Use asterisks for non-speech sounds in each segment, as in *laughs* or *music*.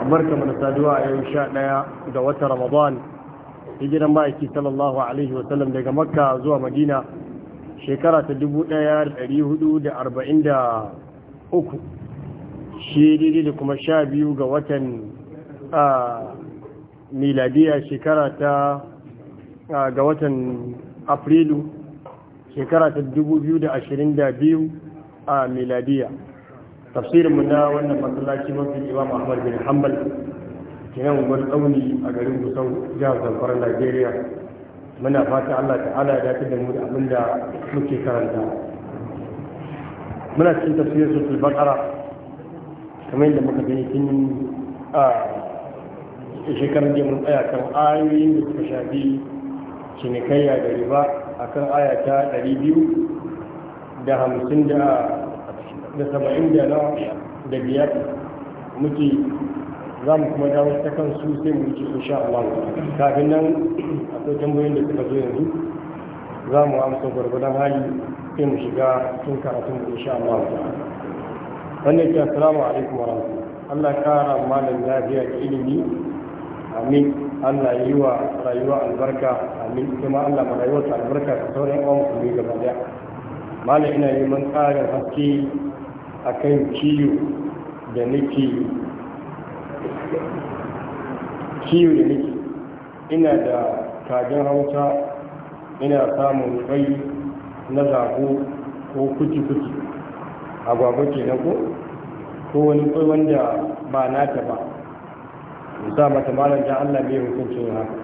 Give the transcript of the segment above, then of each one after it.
kamar kamar da saduwa a yau sha ɗaya ga wata ramadan hijiran ma'aiki sallallahu alaihi wa daga makka zuwa madina shekara ta dubu ɗaya da hudu da arba'in da uku shi daidai da kuma sha biyu ga watan miladiya shekara ta ga watan afrilu shekara ta dubu biyu da ashirin da biyu a miladiya tafsirin mu na wannan masallaci mafi imam ahmad bin hanbal kenan wani tsauni a garin gusau jihar zamfara najeriya muna fata allah ta'ala ya dace da mu da abinda muke karanta muna cikin tafsirin sosai bakara kamar yadda muka gani tun a shekarar da mun tsaya kan ayoyin da suka shafi cinikayya da riba akan aya ta 250 da da saba'in da na da biyar muke za mu kuma dawo ta kan su sai mu ci insha Allah kafin nan akwai tambayoyin da suka zo yanzu za mu amsa gwargwadon hali sai mu shiga cikin karatun mu insha Allah wannan ke assalamu alaikum wa rahmatullahi Allah kara malam lafiya da ilimi amin Allah yi wa rayuwa albarka amin kuma Allah ma rayuwa ta albarka ta sauran uwan musulmi gaba daya malam ina neman ƙarin haske akan kiyo da nake kiyo da nake ina da kajin hausa ina samun kai na zago ko kuci-kuci agwagwa ke na ko ko wani kai wanda ba nata ba mu mata malam da allah mai hukuncin haka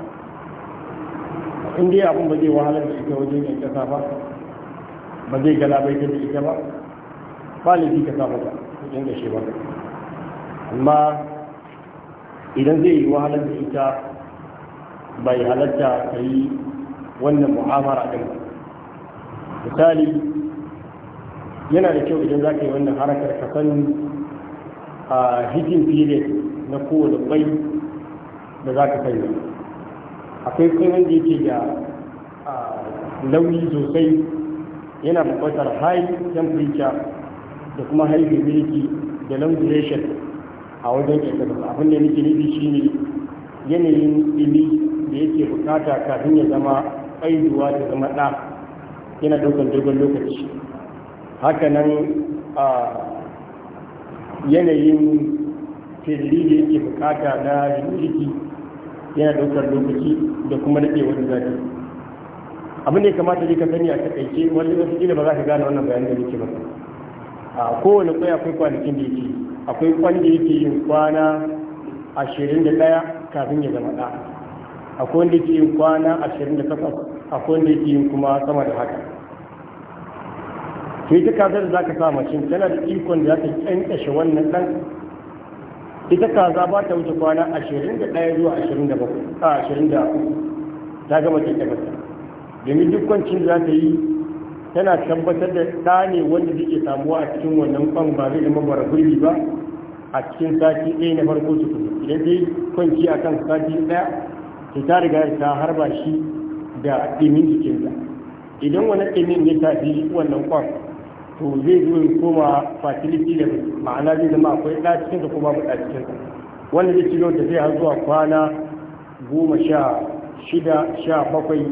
in dai abin ba zai wahalar da ita wajen yankasa ba ba zai bai ta da ita ba kwalifi ka sa mata kudin shi ba amma idan zai yi wahalar da ita bai halatta ka yi wannan mu'amara ɗin ba misali yana da kyau idan za ka yi wannan harakar ka san a hitin period na kowane bai da za ka kai akwai kwai wanda yake da nauyi sosai yana bukatar high temperature da kuma haihuwar da long duration a wajen ƙirƙirar abin da nake nufi shine yanayin ɗimi da yake bukata kafin ya zama aizuwa da zama ɗa yana ɗaukar dogon lokaci hakanan a yanayin firiri da yake bukata na jiki yana ɗaukar lokaci da kuma daɗe wani zafi abin da ya kamata ne ka sani a takaice wani wasu ba za ka gane wannan bayanin da nake ba a kowane kwai akwai kwanakin da yake akwai kwan da yake yin kwana ashirin da ɗaya kafin ya zama ɗa akwai wanda yake yin kwana ashirin da takwas akwai wanda yake yin kuma sama da haka to ita kaza da za ka sa mashin tana da ikon da za ta kyankyashe wannan ɗan ita kaza ba ta wuce kwana ashirin da ɗaya zuwa ashirin da bakwai a ashirin da ta gama ta ta domin duk kwancin da za ta yi tana tabbatar da ɗa ne wanda zai iya samuwa a cikin wannan kwan ba zai zama bara gurbi ba a cikin sati ɗaya na farko su kuma idan dai kwanci a kan sati ɗaya to ta riga ta harba shi da ɗimin jikinsa idan wani ɗimin ya tafi wannan kwan to zai zo ya koma fatiliti da ma'ana zai zama akwai ɗa cikinsa ko babu ɗa cikinsa wanda zai ci da zai har zuwa kwana goma sha shida sha bakwai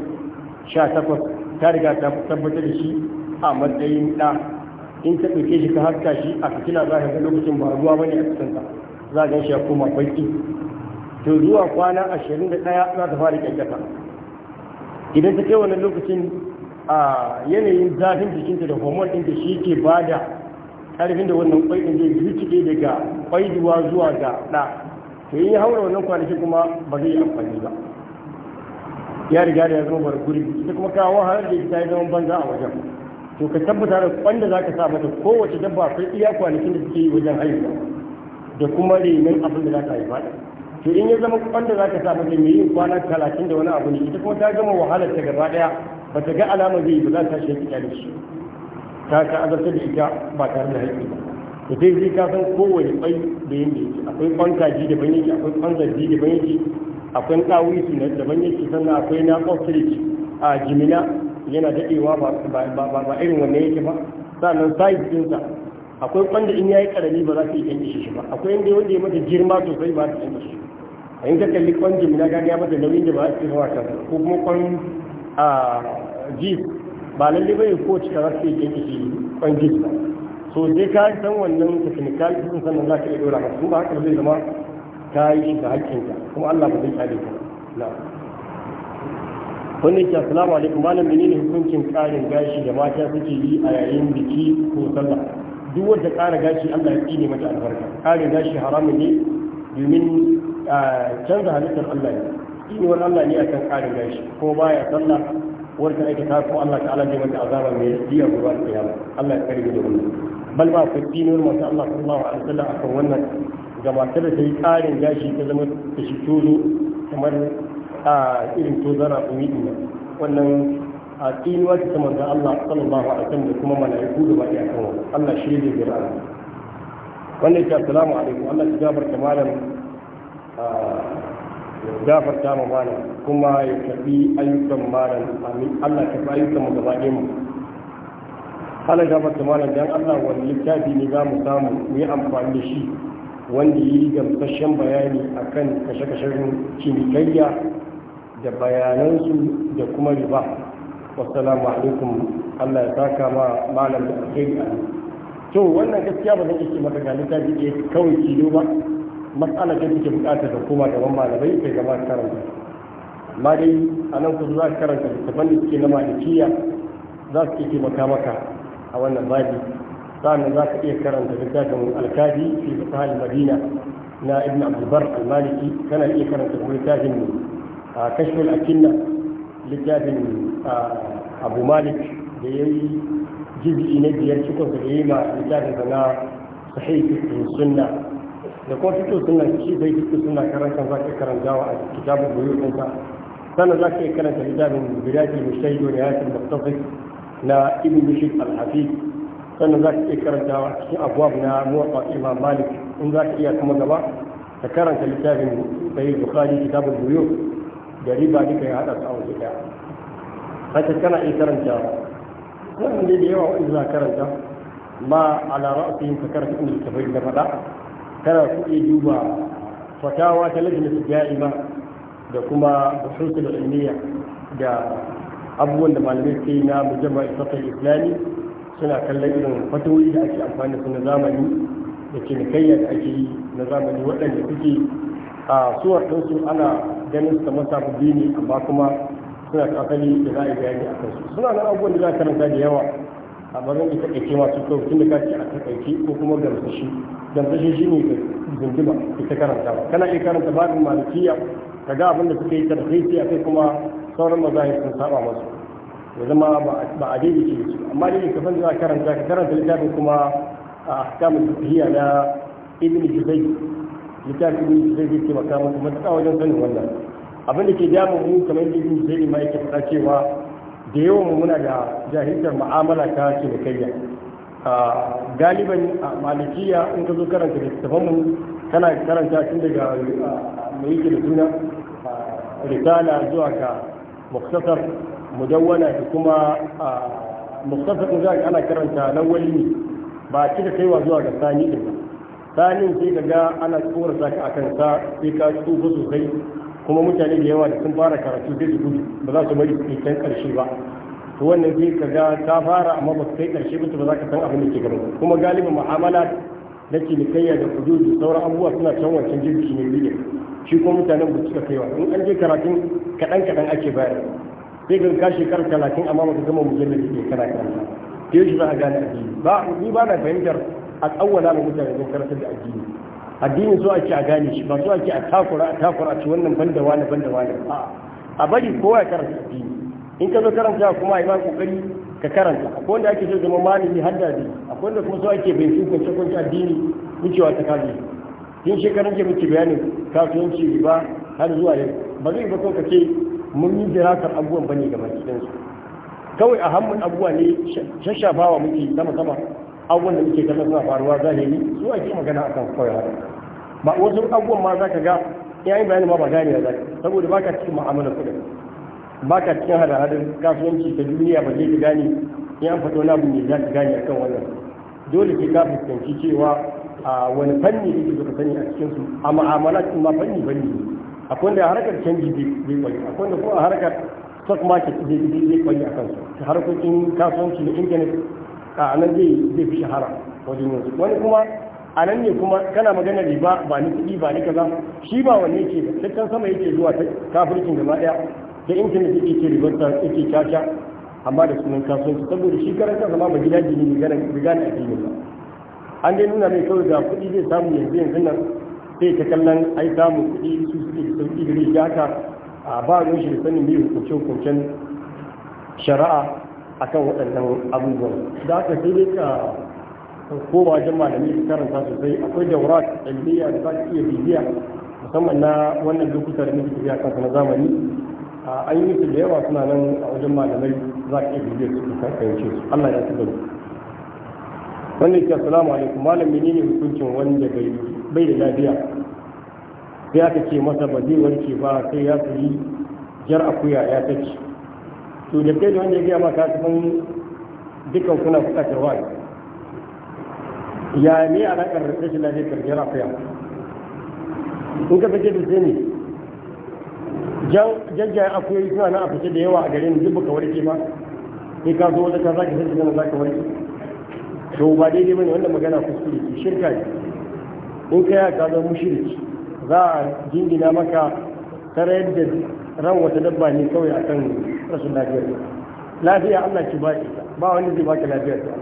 sha takwas ta riga ta tabbatar da shi a matsayin ɗa in ka ɗauke shi ka haska shi a fitila za ka ga lokacin ba ruwa wani a za a shi ya koma to zuwa kwana ashirin da ɗaya za ta fara ƙyanƙyata idan ta kai wannan lokacin a yanayin zafin jikinta da hormone ɗinta shi ke ba da ƙarfin da wannan ƙwai ɗin zai zuciɗe daga ƙwaiduwa zuwa ga ɗa to in ya haura wannan kwanaki kuma ba zai yi amfani ba ya riga da ya zama bar guri ita kuma kawo har da ita ya zama banza a wajen to ka tabbata da wanda za ka sa mata kowace dabba akwai iya kwanakin da suke yi wajen haihuwa da kuma renon abin da za ka haifa to in ya zama wanda za ka sa mata mai yin kwana talatin da wani abu ne ita kuma ta gama wahalar ta gaba daya ba ta ga alama zai ba za ta shi fita da shi ta ka azarta da ita ba tare da haihuwa da, dai zai ka san kowane bai da yin da yake akwai kwanka ji da ban yake akwai kwanka ji da ban yake akwai ɗawisu na daban yake sannan akwai na ostrich a jimina yana daɗewa ba irin wanda yake ba sannan size ɗinsa akwai wanda in ya yi ƙarami ba za su yi yanke shi ba akwai inda wanda ya mata girma sosai ba ta yanke shi a yin kakalli kalli jimina gani ya mata nauyin da ba su yi zama kan ko kuma ƙwan jeep ba lalle bai ko cika za su yi yanke shi kwan jeep ba so sai ka san wannan technical sun sannan za ka iya ɗora masu ba haka zai zama ta yi shi ga hakkinta kuma Allah ba zai kyale ta na wannan ke assalamu alaikum malam menene hukuncin karin gashi da mata suke yi a yayin biki ko sallah duk wanda kara gashi Allah ya tsine mata albarka karin gashi haramun ne domin canza halittar Allah ne wani Allah ne akan karin gashi ko baya sallah wanda ake ta ko Allah ta'ala zai mata azaba mai diya gobe kiyama Allah ya karbi da wannan bal ba fa tsinuwar manzo Allah sallallahu alaihi wasallam akan wannan ga da ta yi tsarin gashi ta zama ta shi tozo kamar a irin na umi ɗin wannan a tsinuwa ta saman da Allah sallallahu alaihi wasallam da kuma mala'iku da ba akan kawo Allah shi ne jira wannan ta assalamu alaikum Allah ya ta malam ya gafarta ma malam kuma ya tafi ayyukan malam amin Allah ya tafi ayyukan mu gaba ɗaya mu Allah gafarta malam dan Allah wani littafi ne za mu samu mu yi amfani da shi wanda yi gamsashen bayani a kan kashe-kashen cinikayya da bayanansu da kuma riba wasalamu alaikum allah ya saka ma malam da alheri a to wannan gaskiya ba zan iske maka gani ta jike kawai kilo ba matsala ta take bukatar da koma gaban malamai kai gaba karanta amma dai a nan kusa za ka karanta littafan da suke na malikiya za su ke taimaka maka a wannan babi sa'annan za ka iya karanta littafin alkafi fi fahal madina na ibn al almaliki kana iya karanta kuma littafin kashfin akinna littafin abu malik da ya yi jibi na biyar cikinsa da ya yi ma littafin sa na sahihin sunna da kuma fito suna shi bai fito suna karanta za ka karantawa a kitabun buyutunsa sannan za ka iya karanta littafin bidatul mushahid wa nihayatul muqtasid na ibn bishir al-hafiz sannan za ka iya karantawa cikin abuwa na muwafa imam malik in za ka iya kuma gaba ka karanta littafin sai bukhari kitabul buyo da riba duka ya hada su a waje daya haka kana iya karanta sannan dai da yawa wani za karanta ma ala ra'asin ka karanta inda littafai da faɗa kana ku iya duba fatawa ta lajnatu da'ima da kuma da ilmiya da abubuwan da malamai ke na mujamma ifatul islami suna kallon irin fatoyi da ake amfani su na zamani da cinikayya da ake yi na zamani waɗanda suke a suwar ɗinsu ana ganin su kamar sababbi ne amma kuma suna da asali da za a yi bayani a kansu suna nan abubuwan da za a karanta da yawa a bazan ita ƙaice masu kyau tun da kace a taƙaice ko kuma gamsashi gamsashi shi ne ga zunduma ita karanta ba kana iya karanta babin malikiya ka ga abin da suka yi tarfaisi a kuma sauran mazahir sun saba masu ya zama ba a daidai ce su amma dai ka san za karanta ka karanta littafin kuma a ahkamul tafiya na ibn juzay littafin ibn juzay zai taimaka muku matuƙa wajen sanin wannan abin da ke damu mu kamar yadda ibn juzay ma yake faɗa cewa da yawan mu muna da jahiltar mu'amala ta cinikayya galiban a malikiya in ka zo karanta littafan mu kana karanta tun daga mai yake da suna risala zuwa ga muktasar mudawwana da kuma mustafa ɗin zaka ana karanta na wali ba kika kaiwa zuwa ga sani ɗin sanin sai ka ga ana tsorata a akan sa sai ka tsufa sosai kuma mutane da yawa da sun fara karatu sai su gudu ba za su bari su kai ba to wannan sai ka ga ta fara amma ba su kai ƙarshe ba ba za ka san abin da ke gaba kuma galibin mu'amala da cinikayya da kudu sauran abubuwa suna can wancan jirgi ne biyu shi kuma mutanen ba kaiwa in an je karatun kaɗan-kaɗan ake bayar bigin ga ka shekara talatin amma baka gama mujallar da ke kana karanta ke shi za a gane addini ba ni ba na fahimtar a tsawwala ma mutane don karantar da addini addini so ake a gane shi ba so ake a takura a takura a ci wannan banda wani banda wani a bari kowa ya karanta addini in ka zo karanta kuma a yi ma kokari ka karanta akwai wanda ake so zama malami har da addini akwai wanda kuma so ake bincin kwance kwance addini wucewa ta kaji tun shekaran jiya muke bayanin kasuwanci ba har zuwa yau ba zai ba ko ka ce mun yi jiratar abubuwan bane ga cikinsu. kawai a hannun abubuwa ne shashafawa muke sama sama abubuwan da muke gana suna faruwa zahiri su ake magana a kan kawai haka ba wasu abubuwan ma za ka ga yayin yi bayani ma ba gane zaki? saboda ba ka cikin ma'amala kuɗin ba ka cikin hada-hadar kasuwanci ta duniya ba zai ka gane in an faɗo na ne za ka gane a kan wannan dole sai ka fuskanci cewa a wani fanni da suka sani a cikinsu a ma'amala ma fanni fanni ne akwai wanda a harkar canji zai kwari akwai wanda kuma a harkar stock market zai kwari a kansu ta harkokin kasuwanci na intanet a nan zai fi shahara wajen yanzu wani kuma a nan ne kuma kana magana riba ba ni kuɗi ba ni kaza shi ba wanne yake ba tattan sama yake zuwa ta kafircin gaba ɗaya da intanet yake ce ribar ta yake caca amma da sunan kasuwanci saboda shi karan kansa ma ba gida jini ne ganin riga na ba an dai nuna mai kawai ga kuɗi zai samu yanzu yanzu nan sai ta kallon ai samu kuɗi su suke da sauƙi da shi haka a ba ruwan shi da sanin mai hukuncin shari'a akan waɗannan abubuwan da aka sai dai ka ko wajen malami su karanta sosai akwai wurat, ilmiya da za ka iya bibiya musamman na wannan lokuta da muke tafiya kansa na zamani an yi su da yawa suna nan a wajen malamai za ka iya bibiya su ka fahimce su Allah ya ci gaba wannan ke assalamu alaikum malam menene hukuncin wanda bai bai da lafiya sai aka ce masa ba zai warke ba sai ya su yi jar akuya ya ta ci to da kai da wanda ya gaya ma maka kafin dukkan kuna bukatar wa ya ne a alaƙar rashin lafiyar jar akuya in ka fice da sai ne jajjayen akuyoyi suna na a fice da yawa a garin duk baka warke ba sai ka zo wata ka zaka sai ka warke to ba daidai bane wannan magana kuskure shirka ne in ka yi ka zama shirki za a jingina maka tare yadda ran wata dabba ne kawai kan rasu lafiyar lafiya Allah ki baki ba wani zai baka lafiyar ta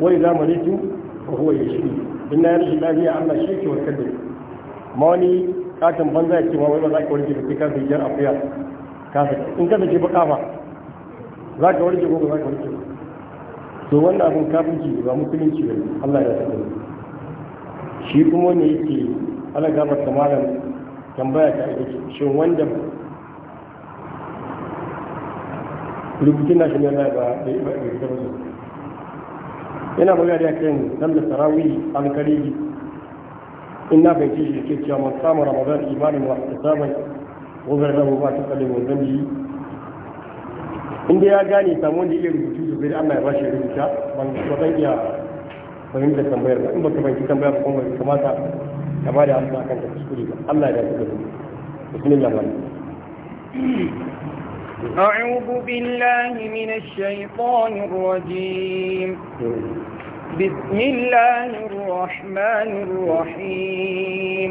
wani za mu ko kuwa ya shi in na rashin lafiya Allah shi ke warkar da ma wani katon banza ce ma wai ba za ka warke kai ke kasa jar akuya kasa in ka sake baka ba za ka warke ko ba za ka warke to wannan abin kafinci ba musulunci ne Allah ya shi kuma ne yake ana gaba samarin tambaya ta ake shi wanda rubutun na shi ne ba da ita ba yana magana da kan sallar tarawih alkaribi in na bai shi ke cewa man samu ramadan imanin wa samun gogar da ba ta kalle zan yi. inda ya gane samu wanda iya rubutu su bai Allah ya bashi rubuta ban ba zan iya fahimta tambayar ba in baka fahimci tambaya ba kuma kamata ka ba da amsa akan ta kuskure ba Allah ya dace da mu bismillah wal أعوذ بالله من الشيطان الرجيم بسم الله الرحمن الرحيم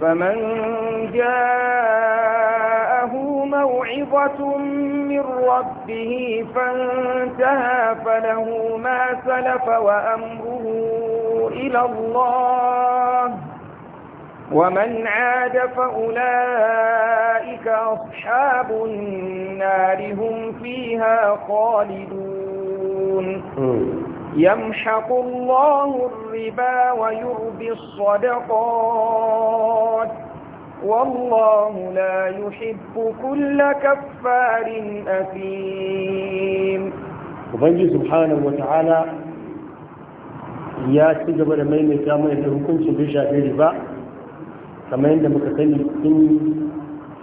فمن جاءه موعظة من ربه فانتهى فله ما سلف وأمره إلى الله ومن عاد فأولئك أصحاب النار هم فيها خالدون يمحق الله الربا ويربي الصدقات والله لا يحب كل كفار أثيم وبنجي سبحانه وتعالى ya ci gaba da maimaita mai da hukuncin bai shafi riba kamar yadda muka sani tun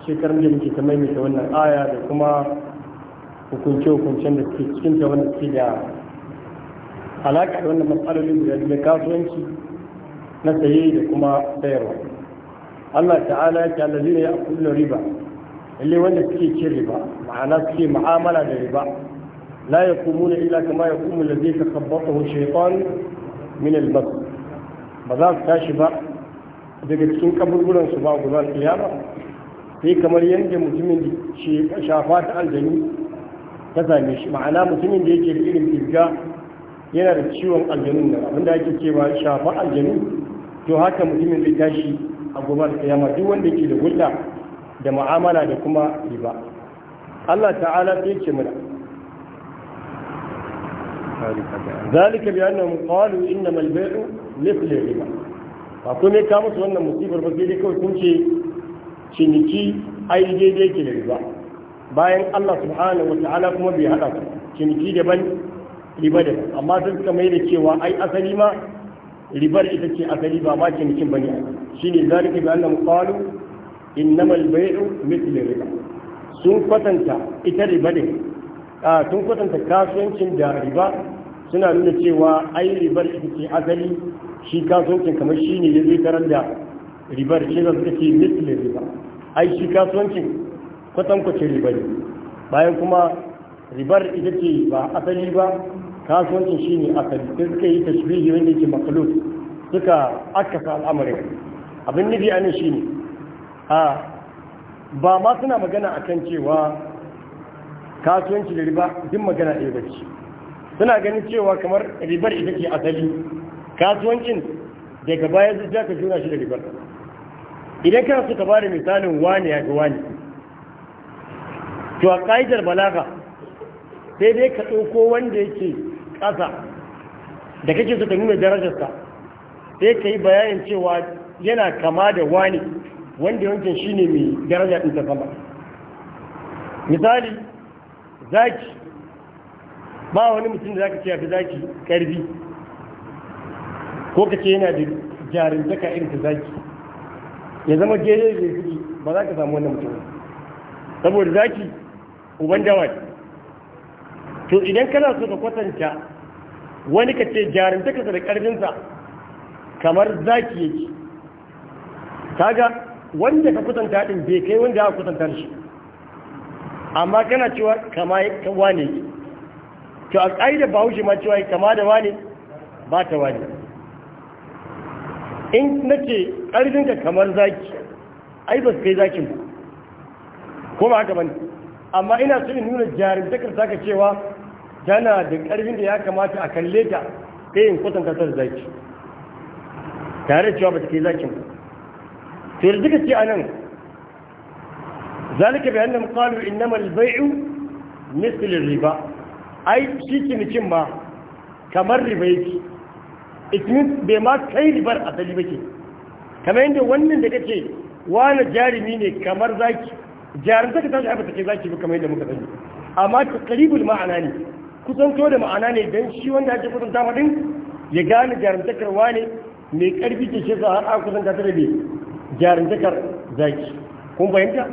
shekarun da muke ta maimaita wannan aya da kuma hukunce-hukuncen da suke cikin ta wanda suke da alaƙa da wannan matsalolin guda biyu kasuwanci na saye da kuma sayarwa Allah ta'ala ya ce allazi ne ya kullu riba lalle wanda suke cin riba ma'ana suke mu'amala da riba la yakumuna illa kama yakumu allazi takhabbathu shaytan min al-mas ba za su tashi ba daga cikin kaburburan su ba gudan kiyama sai kamar yadda mutumin da shafa ta aljani ta same shi ma'ana mutumin da yake da irin fisga yana da ciwon aljanun nan abinda ake cewa shafa aljanun to haka mutumin zai tashi a gobar kiyama duk wanda ke da hulɗa da mu'amala da kuma riba Allah ta'ala sai ce mana zalika bi annahum qalu innama al-bay'u mithl riba ba kuma me ka musu wannan musibar ba sai dai kawai sun ce ciniki ai daidai ke da riba bayan Allah subhanahu wa ta'ala kuma bai hada ciniki daban riba da amma sun suka mai da cewa ai asali ma ribar ita ce asali ba ma cinikin bane shine zalika bi annahum qalu innamal bay'u mitle riba sun kwatanta ita riba ne sun kwatanta kasuwancin da riba suna nuna cewa ai ribar ita ce asali shi kasuwancin kamar shi ne ya zai tarar da ribar shi za su ce mitle riba ai shi kasuwancin kwatankwacin riba ne bayan kuma ribar ita ce ba asali ba kasuwancin shi ne asali sai suka yi tashbihi wanda yake makalus suka akasa al'amarin abin nufi a shi ne a ba ma suna magana a kan cewa kasuwanci da riba duk magana ɗaya ba ce suna ganin cewa kamar ribar ita ce asali kasuwancin daga baya zuciya ka juna shi da ribar idan ka so ka da misalin wani ya ga wani to a ƙa'idar balaga sai dai ka ɗauko wanda yake ƙasa da kake so ka nuna darajarsa sai ka yi bayanin cewa yana kama da wani wanda yankin shi ne mai daraja ɗin ta sama misali zaki ba wani mutum da zaka ce ya fi zaki ƙarfi ko ka ce yana da jarintaka irin ta zaki ya zama gere da ya fi ba za ka samu wannan mutum saboda zaki uban dawai to idan kana so ka kwatanta wani ka ce ka da ƙarfinsa kamar zaki yake kaga wanda ka kwatanta din bai kai wanda aka kwatanta shi amma kana cewa kama ka wane to a kaida ba hushe ma cewa kama da wane ba ta wane in na ce ƙarfinka kamar zaki ai ba su kai zakin ba ko ba haka bane amma ina so in nuna jarintakar saka cewa tana da ƙarfin da ya kamata a kalle ta sai in kwatanta ta zaki tare cewa ba ta ke zakin ba to yanzu duka ce a nan zalika bayan da mukalu innama albai'u mislin riba ai shi cinikin ma kamar riba yake it means bai ma kai ribar asali ba ke kamar yadda wannan da kace wani jarumi ne kamar zaki jarin ta ka tashi haifata ke zaki ba kamar yadda muka sani amma ta karibul ma'ana ne kusanto da ma'ana ne don shi wanda ake kusanta madin ya gane jarumtakar wane mai karfi ke shesa har an kusanta ta rabe jarumtakar zaki kun fahimta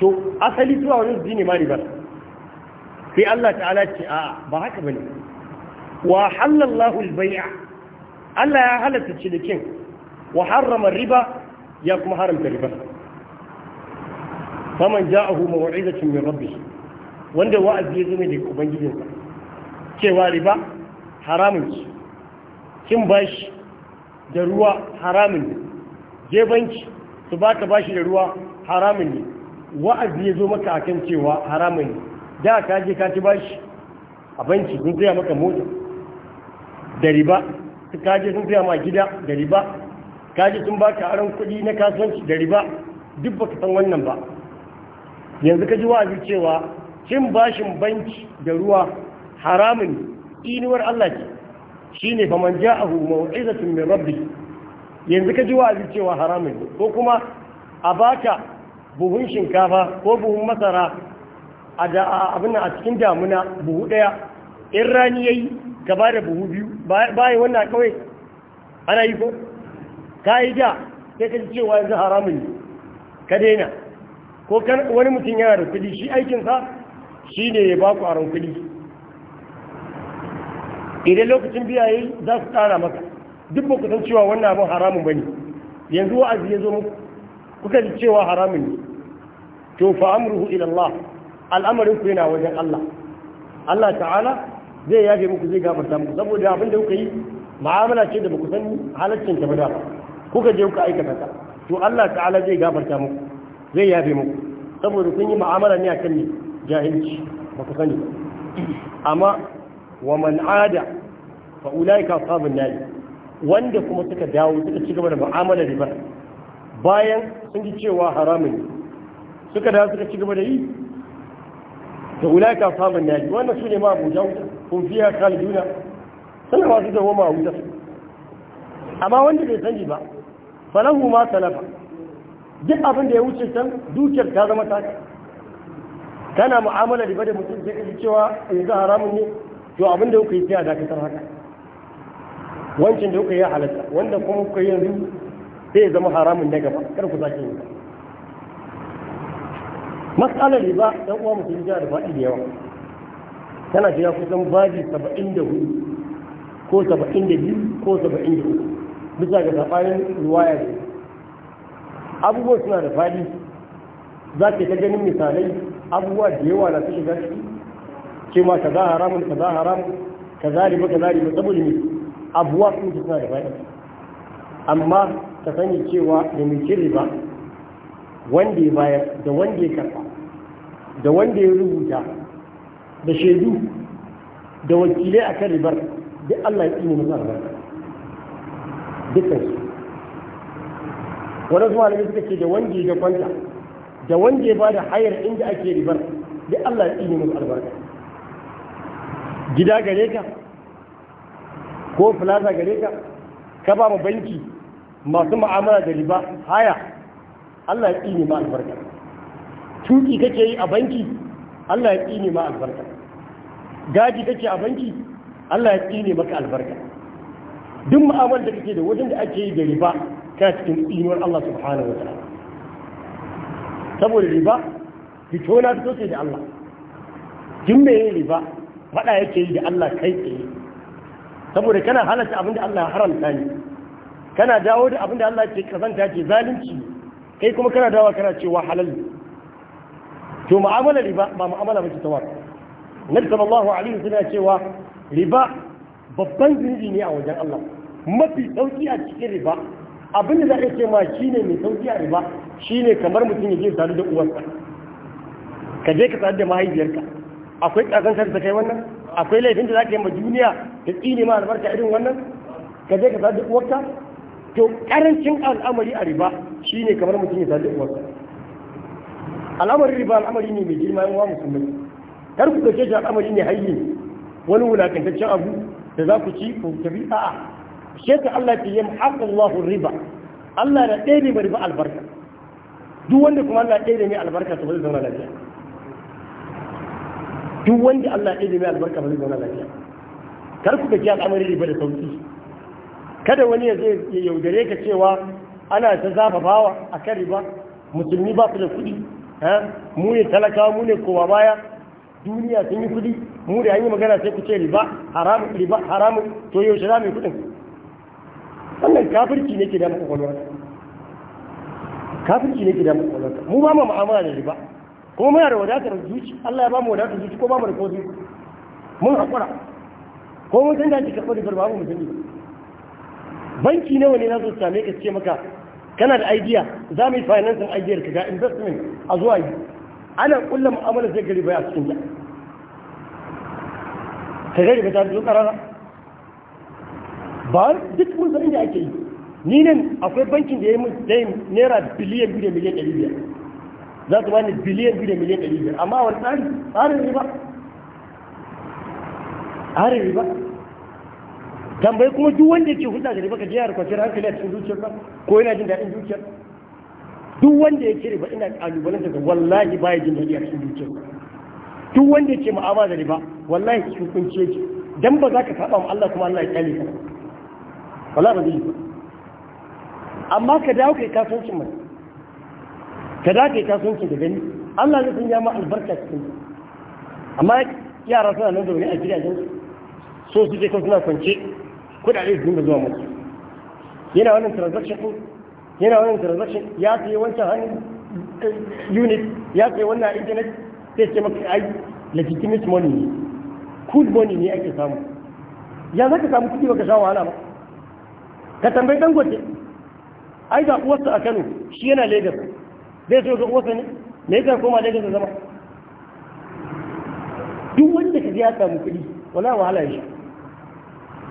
to asali zuwa wajen su ne mari ba sai Allah ta'ala ce a ba haka ba ne wa halallahu al Allah ya halatta cinikin wa harrama riba ya kuma haramta riba faman ja'ahu maw'izatun min rabbih wanda wa'azi ya zama daga ubangijinsa cewa riba haramun ci cin bashi da ruwa haramun ne banki, su ba ka bashi da ruwa haramun ne wa'azi ya zo maka akan cewa haramun ne da ka je ka ci bashi a banki sun tsaya maka mota da riba su je sun tsaya ma gida da riba je sun baka aron kuɗi na kasuwanci da riba duk ba ka san wannan ba yanzu ka ji wa'azi cewa cin bashin banki da ruwa haramun inuwar Allah ce shine faman hukumar mau'izatun mai rabbi yanzu ka ji wa'azi cewa haramun ko kuma a baka buhun shinkafa ko buhun masara a abin a cikin damuna buhu ɗaya. in rani ya yi gaba da buhu biyu bayan wannan kawai ana yi ko ka yi ja sai ka ji cewa yanzu haramun ka daina ko wani mutum yana da kuɗi shi aikinsa Shi ne ya ba ku aron kuɗi idan lokacin biya yayi za su ƙara maka duk ba ku san cewa wannan abin haramun ba ne? yanzu wa'azi ya zo muku kuka ji cewa haramun ne to fa amruhu ila Allah al'amarin ku yana wajen Allah Allah ta'ala zai yaje muku zai gafarta muku saboda abin da kuka yi mu'amala ce da ba ku san halaccin ta ba da kuka je kuka aikata ta to Allah ta'ala zai gafarta muku zai yabe muku saboda kun yi mu'amala ne akan ni jahilci ba ku sani amma wa man ada fa ulaika ashabun nari wanda kuma suka dawo suka ci gaba da mu'amalar riba bayan sun ji cewa haramun suka dawo suka ci gaba da yi da ulaika ashabun nari wannan su ne ma abu wuta. kun fiya khaliduna suna masu dawo ma wuta amma wanda bai sani ba falahu ma talafa duk abin da ya wuce can dukiyar ta zama taka kana mu'amala da bada mutum sai kaji cewa yanzu haramun ne to abin da kuka yi sai a dakatar haka wancan da kuka yi halatta wanda kuma kuka yi yanzu sai ya zama haramun na gaba kar ku zaki yi masala riba dan uwa mutum ya da faɗi da yawa tana jira kusan baji saba'in da hudu ko saba'in da biyu ko saba'in da bisa ga saɓanin ruwaya abubuwan suna da faɗi za ka ta ganin misalai abubuwa da yawa na su shiga ciki ce ma kaza haramun kaza haramun kaza riba kaza riba saboda ne abuwa sun ji suna da faɗi amma ka sani cewa da mai cin riba wanda ya bayar da wanda ya karɓa da wanda ya rubuta da shaidu da wakilai a kan ribar duk Allah ya tsini masa albarka dukkan su wani zuwa ne suka ce da wanda ya kwanta da wanda ya bada hayar inda ake ribar da Allah ya tsine musu albarka gida gare ka ko plaza gare ka ka ba mu banki masu mu'amala da riba haya Allah ya tsine ma albarka tuki kake yi a banki Allah ya tsine ma albarka gaji kake a banki Allah ya tsine maka albarka duk mu'amalar da kake da wajen da ake yi da riba ka cikin tsinuwar Allah subhanahu wa ta'ala saboda riba fito na fito ce da Allah jin me yin riba faɗa yake yi da Allah kai tsaye saboda kana halatta abin da Allah haramta ne kana dawo da abin da Allah ke kazanta ke zalunci kai kuma kana dawa kana cewa halal to mu'amala riba ba mu'amala ba ce ta wata nabi sallallahu alaihi wasallam cewa riba babban zunubi ne a wajen Allah mafi sauki a cikin riba abin da za a ce ma shine mai sauki a riba Shi ne kamar mutum ya je sadu da uwarsa ka je ka sadu da mahaifiyarka akwai kazantar da kai wannan akwai laifin da za ka yi ma duniya da tsine ma albarka irin wannan ka je ka sadu da uwarka to karancin al'amari a riba shi ne kamar mutum ya sadu da uwarsa al'amarin riba al'amari ne mai girma yawan musulmai kar ku dauke shi al'amari ne hayyin wani wulakantaccen abu da za ku ci ku tafi a'a shekar Allah ke yi haƙƙin riba Allah na ɗaya riba riba albarka duk wanda kuma Allah ya mai albarka ta zama zai zauna lafiya duk wanda Allah ya da mai albarka ba zai zauna lafiya kar ku gaji al'amari riba da sauki kada wani ya zai yaudare ka cewa ana ta bawa a kan riba musulmi ba su da kuɗi eh? mu ne talaka mu ne kowa baya duniya sun yi kuɗi mu da an magana sai ku ce riba haramun riba haramun to yaushe za mu yi kuɗin wannan kafirci ne ke da muku kwalwarsa kafirci ne gidan da makonanta mu ba mu mu'amala da riba kuma muna da wadatar zuci Allah ya ba mu wadatar zuci ko ba mu da kofi mun haƙura ko mun san da ake karɓar ribar babu mu ne banki nawa ne na zo same ka ce maka kana da idea za mu yi financing idea ka ga investment a zuwa yi ana kulla mu'amala sai gari bai a cikin ta ka gari ba ta zo karara ba duk mun san da ake yi ni ne akwai bankin da ya yi dayin naira biliyan biyu da miliyan ɗari biyar za su bani biliyan biyu da miliyan ɗari biyar amma wani tsari tsarin riba tsarin riba tambayi kuma duk wanda yake hulɗa da riba ka je yara kwanciyar hankali a cikin zuciyar ba ko yana jin daɗin zuciyar duk wanda ya riba ina ƙalubalen daga wallahi baya jin daɗi a cikin zuciyar duk wanda yake mu'amala da riba wallahi cikin kunci dan ba za ka saba ma Allah kuma Allah ya kyale ka wallahi ba zai yi ba amma ka dawo kai kasuwancin mai ka dawo kai kasuwancin da gani Allah zai sun yamma albarka cikin amma yara suna nan zaune a gidajen so su je kan suna kwance kudade su dinga zuwa mutu yana wannan transaction ko yana wannan transaction ya ce wancan hannun eh, unit ya ce wannan internet sai ce maka ai legitimate money ne cool money ne ake samu ya za ka samu kuɗi baka sha wahala ba ka tambayi dangote ai ga uwarsa a Kano shi yana Lagos zai so ga uwarsa ne me yasa koma Lagos zama duk wanda ka ya samu kuɗi wala wahala ya shi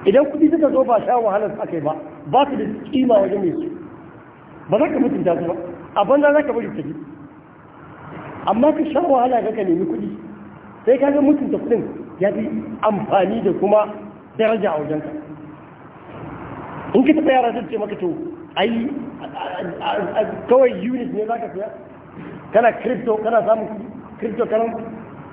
idan kuɗi suka zo ba sha wahala su aka yi ba ba su da kima wajen mai su ba za ka mutunta su ba a banza za ka bari tafi amma ka sha wahala ga ka nemi kuɗi sai ka ga mutunta kuɗin ya fi amfani da kuma daraja a wajenka in ka taɓa yara sun ce maka to ai kawai unit ne za ka siya kana crypto kana samun crypto kana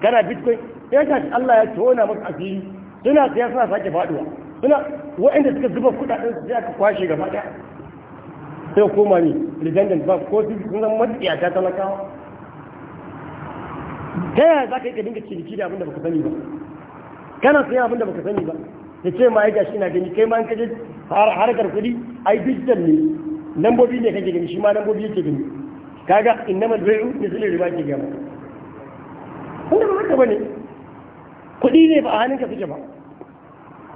kana bitcoin ya ta Allah ya tona maka asiri suna siya suna sake faduwa suna waɗanda suka zuba kudaden su sai kwashe gaba daya sai koma ne redundant ba ko su sun zama matsiyata talakawa ta yaya za ka yi ka da ciniki da abin da baka sani ba kana siya abin da baka sani ba ya ce ma ya gashi na gani kai ma an kaje harkar kuɗi ai digital ne lambobi ne kake gani shi ma lambobi yake gani kaga innamal bai'u misal riba ke gama wanda ba haka bane kuɗi ne ba a hannunka suke ba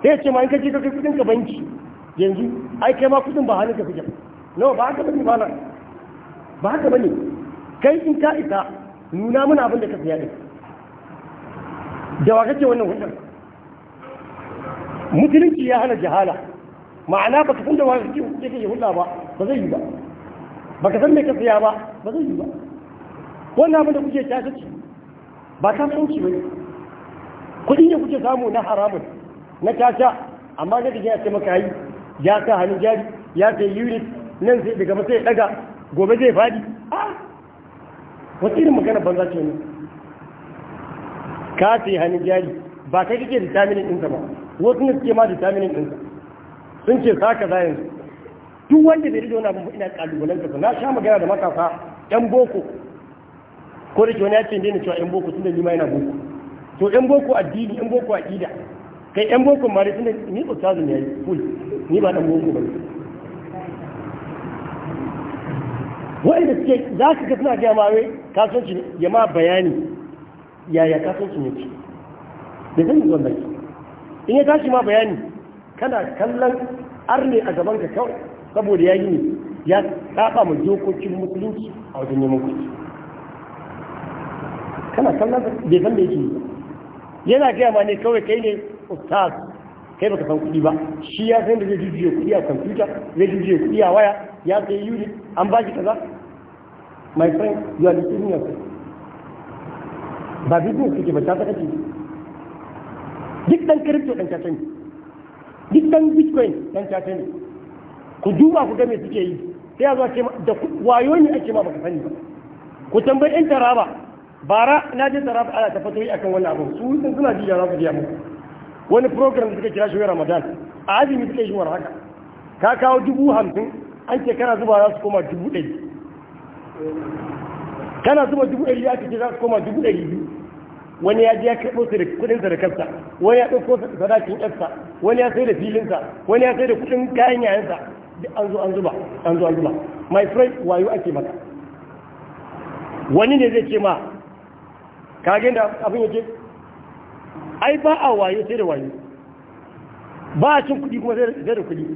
sai ce ma in kace ka kai kudin ka banki yanzu ai kai ma kudin ba hannunka suke ba no ba haka bane ba nan ba haka bane kai in ka isa nuna mana abin da ka siya din da wa kake wannan hudar musulunci ya hana jahala ma'ana ba ka san da wani kake kake hulɗa ba ba zai yi ba ba ka san me ka saya ba ba zai yi ba wannan abin da kuke tashi ba ta sauki ba ne kuɗi ne kuke samu na haramun na tata amma na gajiya ce maka yi ya sa hannun jari ya yi unit nan sai daga masai daga gobe zai fadi a wata irin magana banza ce ne ka sai hannun jari ba kai kake taminin ɗinsa ba wasu ne suke ma taminin ɗinsa sun ce za ka zayin duk wanda bai rido wani abu ina kalubalen ka na sha magana da matasa yan boko ko da ke wani ya ce ne cewa yan boko tunda ni ma yana boko to yan boko addini yan boko aqida kai yan boko ma dai tunda ni ustazu ne yayi full ni ba dan boko ba bane da suke za ka ga suna gaya ma wai kasuwanci ya ma bayani yaya kasuwanci ne ce da zan yi wannan in ya tashi ma bayani kana kallon arne a gaban ka kawai saboda ya yi ya saba mu dokokin musulunci a wajen neman kuɗi kana kallon bai san me yake yi yana gaya ma ne kawai kai ne ustaz kai baka san kuɗi ba shi ya san da zai jujuye kuɗi a computer zai jujuye kuɗi a waya ya sai yuri an ba shi kaza my friend you are listening yourself ba business kike ba ta saka ce duk dan kirkto dan ka sani duk dan bitcoin dan tata ne ku duba ku game suke yi sai a zo ce da wayo ne ake ma baka sani ba ku tambayi yan taraba bara na je taraba ala ta fatoyi akan wannan abu su sun suna ji da za su biya muku wani program da suka kira shi ramadan a azumi suka yi haka ka kawo dubu hamsin an ce kana zuba za su koma dubu ɗari kana zuba dubu ɗari ya ce za su koma dubu ɗari biyu wani ya je ya karɓo kuɗin sadakarsa wani ya ɗauko sadakin ƴarsa wani ya sai da filinsa wani ya sai da kuɗin kayan sa duk an zo an zuba an zo an zuba my friend wayo ake maka wani ne zai ce ma kage da abin yake ai ba a wayo sai da wayo ba a cin kuɗi kuma sai da kuɗi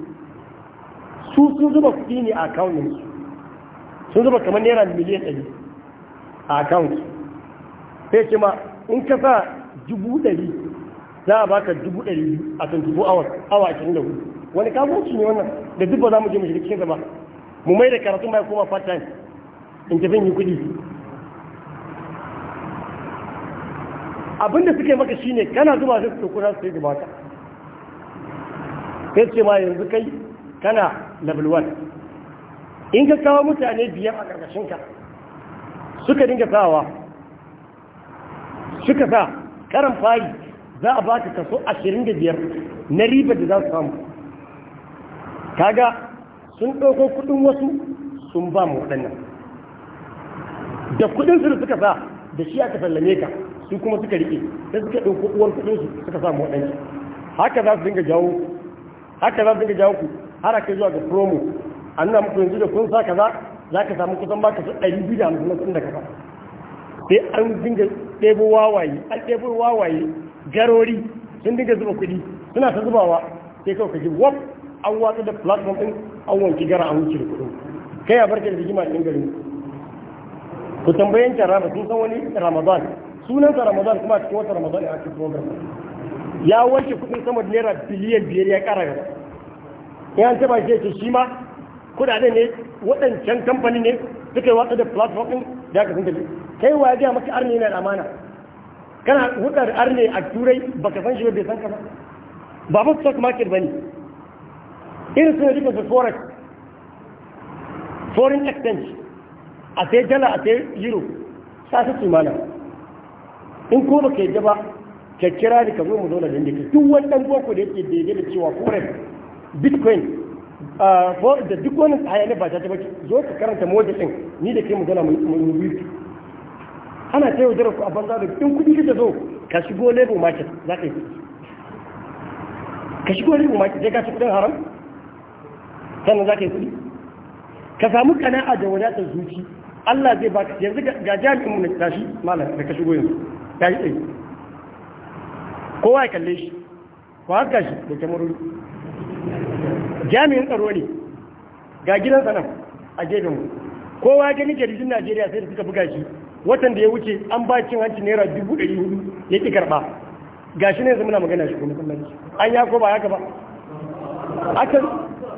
su sun zuba kuɗi ne a akawunin su sun zuba kamar naira miliyan ɗari a akawun sai ce ma in ka sa dubu ɗari za a baka dubu ɗari biyu a kan dubu awa awa ashirin da hudu wani su ne wannan da duk ba za mu je mu shiga ba mu mai da karatun bai koma part time in tafi yi kuɗi abinda suke maka shine kana zuba sai su kuna su yi gabata sai ce ma yanzu kai kana level 1 in ka kawo mutane biyar a karkashinka suka dinga sawa suka sa karan fari za a baka kaso 25 na riba da za su samu kaga sun ɗauko kudin wasu sun ba mu waɗannan da kudin su suka sa da shi aka sallame ka su kuma suka riƙe da suka ɗauko uwar kudin su suka samu waɗannan haka za su dinga jawo haka za su dinga jawo ku har aka zuwa ga promo an na muku yanzu da kun sa ka za ka samu kusan ba ka su ɗari biyu da hamsin da kuɗin sai an dinga ɗebo wawaye an ɗebo wawaye garori sun dinga zuba kuɗi suna ta zubawa sai kawai ka ji wap an watsa da platform ɗin an wanki gara an wuce da kuɗin kai a barka da jima'a ɗin garin ku tambayan jaraba sun san wani ramadan sa ramadan kuma a cikin wata ramadan ake cikin garba ya wanke kuɗin sama da naira biliyan biyar ya ƙara gaba ya an taɓa shi shi ma kuɗaɗe ne waɗancan kamfani ne suka yi watsa da platform ɗin ya ka sun tafi kai wa ya maka arne na da amana kana hudar arne a turai baka san shi ba bai san ka ba ba ba stock market bane irin suna duka su forex foreign exchange a sai jala a sai euro sa su kimana in ko baka yadda ba ka kira ni ka zo mu zo da duk wani dan boko da yake daidai da cewa forex bitcoin da duk wani hayani ba ta tabbaki zo ka karanta model din ni da ke mu magana mu biyu ana ta yaudarar ku a banza da in kudi kika zo ka shigo labor market za ka yi ka shigo labor market sai ka ci kudin haram sannan za ka yi kudi ka samu kana'a da wadata zuci Allah zai baka yanzu ga jami'in mu na tashi malam da ka shigo yanzu ka yi tsaye kowa ya kalle shi ko haka shi da kyamarori jami'in tsaro ne ga gidan nan a gefen kowa gani jaridun najeriya sai da suka buga shi watan da ya wuce an ba cin hanci naira dubu ɗari hudu ya ƙi karɓa ga shi ne yanzu muna magana shi kuma kullum an ya ko ba haka ba aka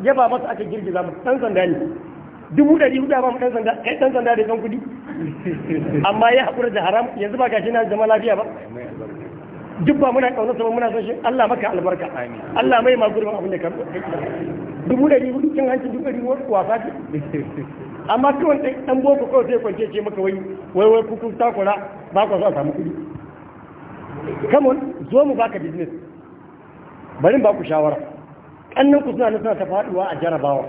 yaba masa aka girgiza mu ɗan sanda ne dubu ɗari hudu ba mu ɗan sanda kai ɗan sanda da ɗan kuɗi *laughs* amma ya haƙura da haram yanzu ba ga shi na zama lafiya ba duk ba muna kaunar sama muna son shi Allah maka albarka Allah mai magurin abin da ka dubu ɗari hudu cin hanci dubu ɗari hudu wasa ce *laughs* amma kawai ɗan ɗan boko kawai sai kwance ce maka wai wai wai kuku takura ba ka za a samu kuɗi kamun zo mu baka business bari ba ku shawara ƙannan ku suna suna ta faɗuwa a jarabawa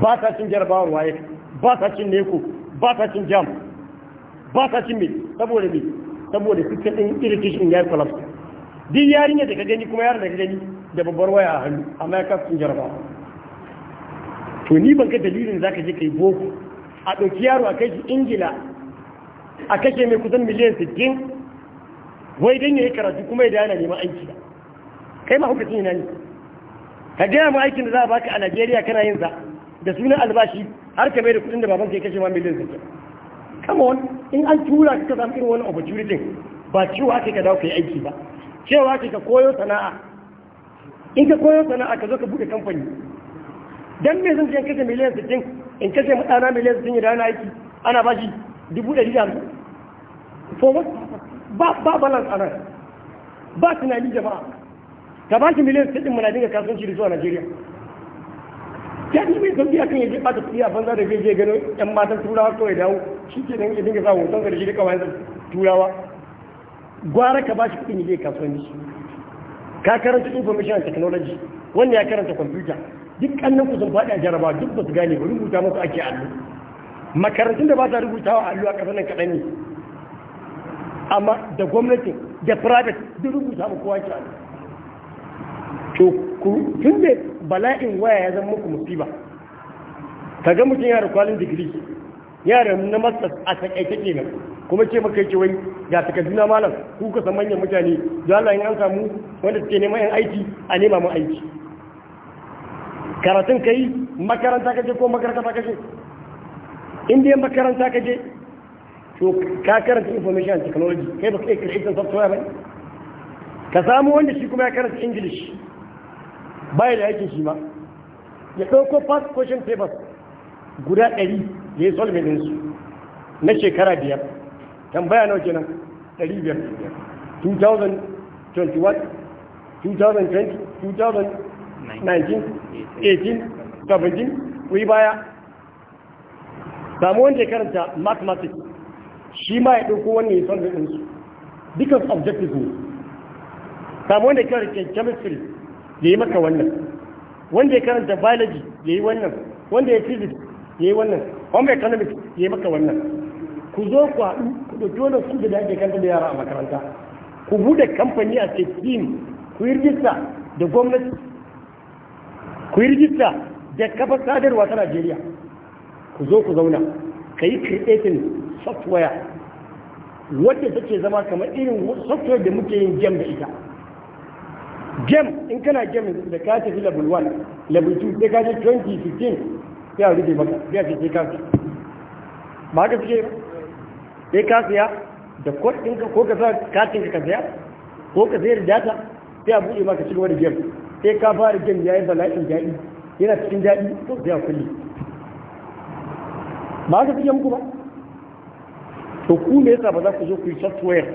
ba ta cin jarabawar waye ba ta cin neko ba ta cin jam ba ta cin me saboda me saboda suka ɗin irrigation ya collapse duk yarinya da ka gani kuma yari da ka gani da babbar waya a hannu amma ya kasu jarabawa to ni ban ka dalilin za ka je ka yi boko a ɗauki yaro a kai shi ingila a kashe mai kusan miliyan sittin wai don ya yi karatu kuma ya dana neman aiki ba kai ma hukuncin yana ne ka gaya ma aikin da za a baka a najeriya kana yin sa da sunan albashi har ka mai da kuɗin da ka ya kashe ma miliyan sittin come on in an tura ka samu irin wani opportunity ba cewa ake ka dawo ka yi aiki ba cewa ake ka koyo sana'a in ka koyo sana'a ka zo ka buɗe kamfani dan me zan je kashe miliyan 60 in kashe mutana miliyan 60 da ana aiki ana ba shi dubu ɗari da for ba ba balance a nan ba tunani jama'a ka ba shi miliyan 60 muna dinga kasuwanci da zuwa Najeriya ya ji mai sauki akan yaje ba ta tafiya banza da gaje gano yan matan turawa kawai dawo shi ke nan ya dinga sa hoton karshe da kawai turawa gwara ka ba shi kuɗin yaje kasuwanci ka karanta information and technology wannan ya karanta computer duk kannan ku sun faɗi a jaraba duk ba su gane ba rubuta musu ake allo makarantun da ba ta rubutawa allo a ƙasar nan kaɗan ne amma da gwamnatin da private duk rubuta mu kowa ke allo to ku tun da bala'in waya ya zama muku musiba ga mutum yana da kwalin digiri yana da na masters a takaice kenan kuma ce maka yake wai ga takarduna malam ku ka san manyan mutane da Allah in an samu wanda suke neman yan aiki a nema mu aiki karatun ka yi makaranta ka je ko makaranta ta kaje in dai makaranta ka je to ka karanta information technology kai ba kai kirkitan software ba ka samu wanda shi kuma ya karanta english baya da yake shi ma ya ɗauko fast question papers guda ɗari ya yi solve ɗinsu na shekara biyar tambaya nawa kenan ɗari biyar 2021 2020 2019 18 17 kuyi baya samu wanda ya karanta mathematics shi ma ya ɗauko wani ya solve ɗinsu dukansu objectives ne samu wanda ya karanta chemistry ya yi maka wannan wanda ya karanta biology ya yi wannan wanda ya physics ya yi wannan home economics ya yi maka wannan ku zo ku haɗu ku ɗauki wannan su da ake kanta da yara a makaranta ku buɗe kamfani a cikin ku yi rijista da gwamnati ku yi rijista da kafa sadarwa ta Najeriya ku zo ku zauna ka yi creating software wadda take zama kamar irin software da muke yin jam da ita gem in kana gem da ka tafi level 1 level 2 sai ka je 2015 sai a rufe maka sai a ce sai ka ba ka fice sai ka siya da kod ka ko ka sa katin ka siya ko ka sayar data sai a buɗe maka cikin wani gem sai ka fara gem ya yi bala'in daɗi yana cikin daɗi to sai a kulle ba ka fice muku ba to ku me yasa ba za ku zo ku yi software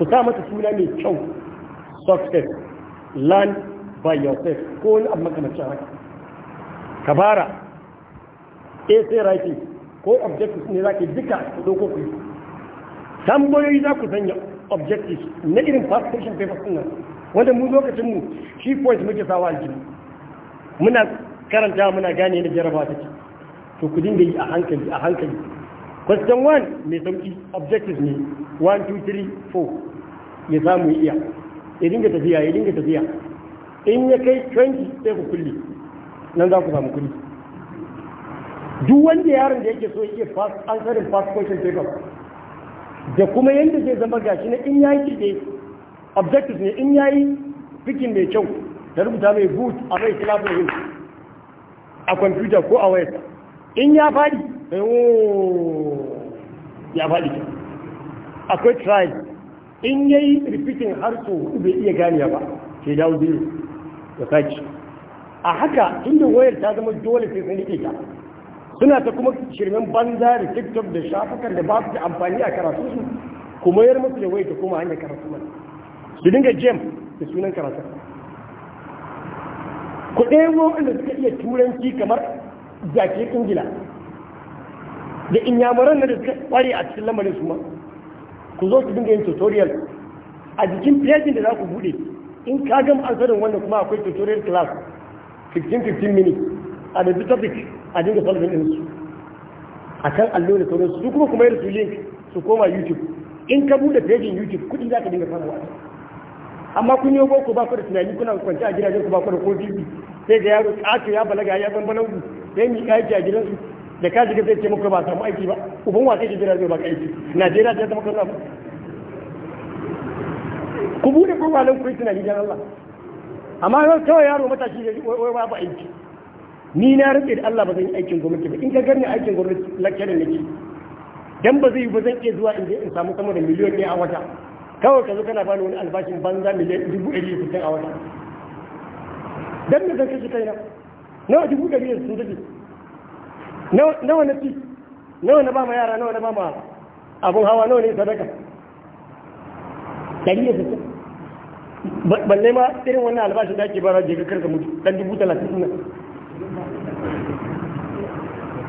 ku sa mata suna mai kyau success learn by yourself ko wani abu makamancin haka ka fara ace writing ko objectives ne za ka duka doko ku tambayoyi za ku sanya objectives na irin participation paper ɗin nan wanda mu lokacin mu shi point muke sawa aljihu muna karanta muna gane da jaraba take to ku dinga yi a hankali a hankali question one mai sauki objectives ne 1 2 3 4 ya samu iya ya dinga tafiya ya dinga tafiya in ya kai 20 sai ku kulli nan za ku samu kulli duk wanda yaron da yake so yake fast answering fast question paper da kuma yanda zai zama gashi na in yayi kike objective ne in yayi fikin mai kyau da rubuta mai good a mai yin a computer ko a wayarsa in ya faɗi sai oh, ya faɗi akwai trial in ya yi rifikin har bai iya ganiya ba ke dawo biyu da sake a haka inda wayar ta zama dole sai sun rike ta suna ta kuma shirmen banza da tiktok da shafukan da ba su da amfani a karatu su kuma yar musu da wayar ta kuma hanyar karatu mai su dinga jem da sunan karatu ku ɗaya suka iya turanci kamar jake ingila da inyamuran da suka ƙware a cikin lamarin su ma ku zo su dinga yin tutorial a jikin plejin da za ku bude in ka gama ansarin wannan kuma akwai tutorial class 15-15 minutes a da topic a dinga solving din su a kan allo da sauransu su kuma kuma yi su link su koma youtube in ka bude pejin youtube kudin za ka dinga samu a amma kun yi boko ba ku da tunani kuna kwanci a gidajen ku ba ku da kofi sai da yaro ƙato ya balaga ya zan balangu sai yi kaji a gidansu da ka shiga zai ce maka ba samu aiki ba uban wa kake jira zai baka aiki najeriya ta zama kaza ba ku bude kwakwalen ku yi tunani dan Allah amma yau kawai yaro matashi ya wai ba aiki ni na rike da Allah ba zan yi aikin gwamnati ba in ka gani aikin gwamnati lakcarin nake dan ba zai yi ba zan iya zuwa in in samu sama da miliyon ɗaya a wata kawai ka zo kana bani wani albashin banza miliyan dubu ɗari da sittin a wata dan me zan kashe kaina nawa dubu ɗari da sittin nawa na fi nawa na ba ma yara nawa na ba ma abun hawa nawa ne sadaka dari da sassan balle ma irin wannan albashin da ake bara je ka karka mutu dan dubu talatin suna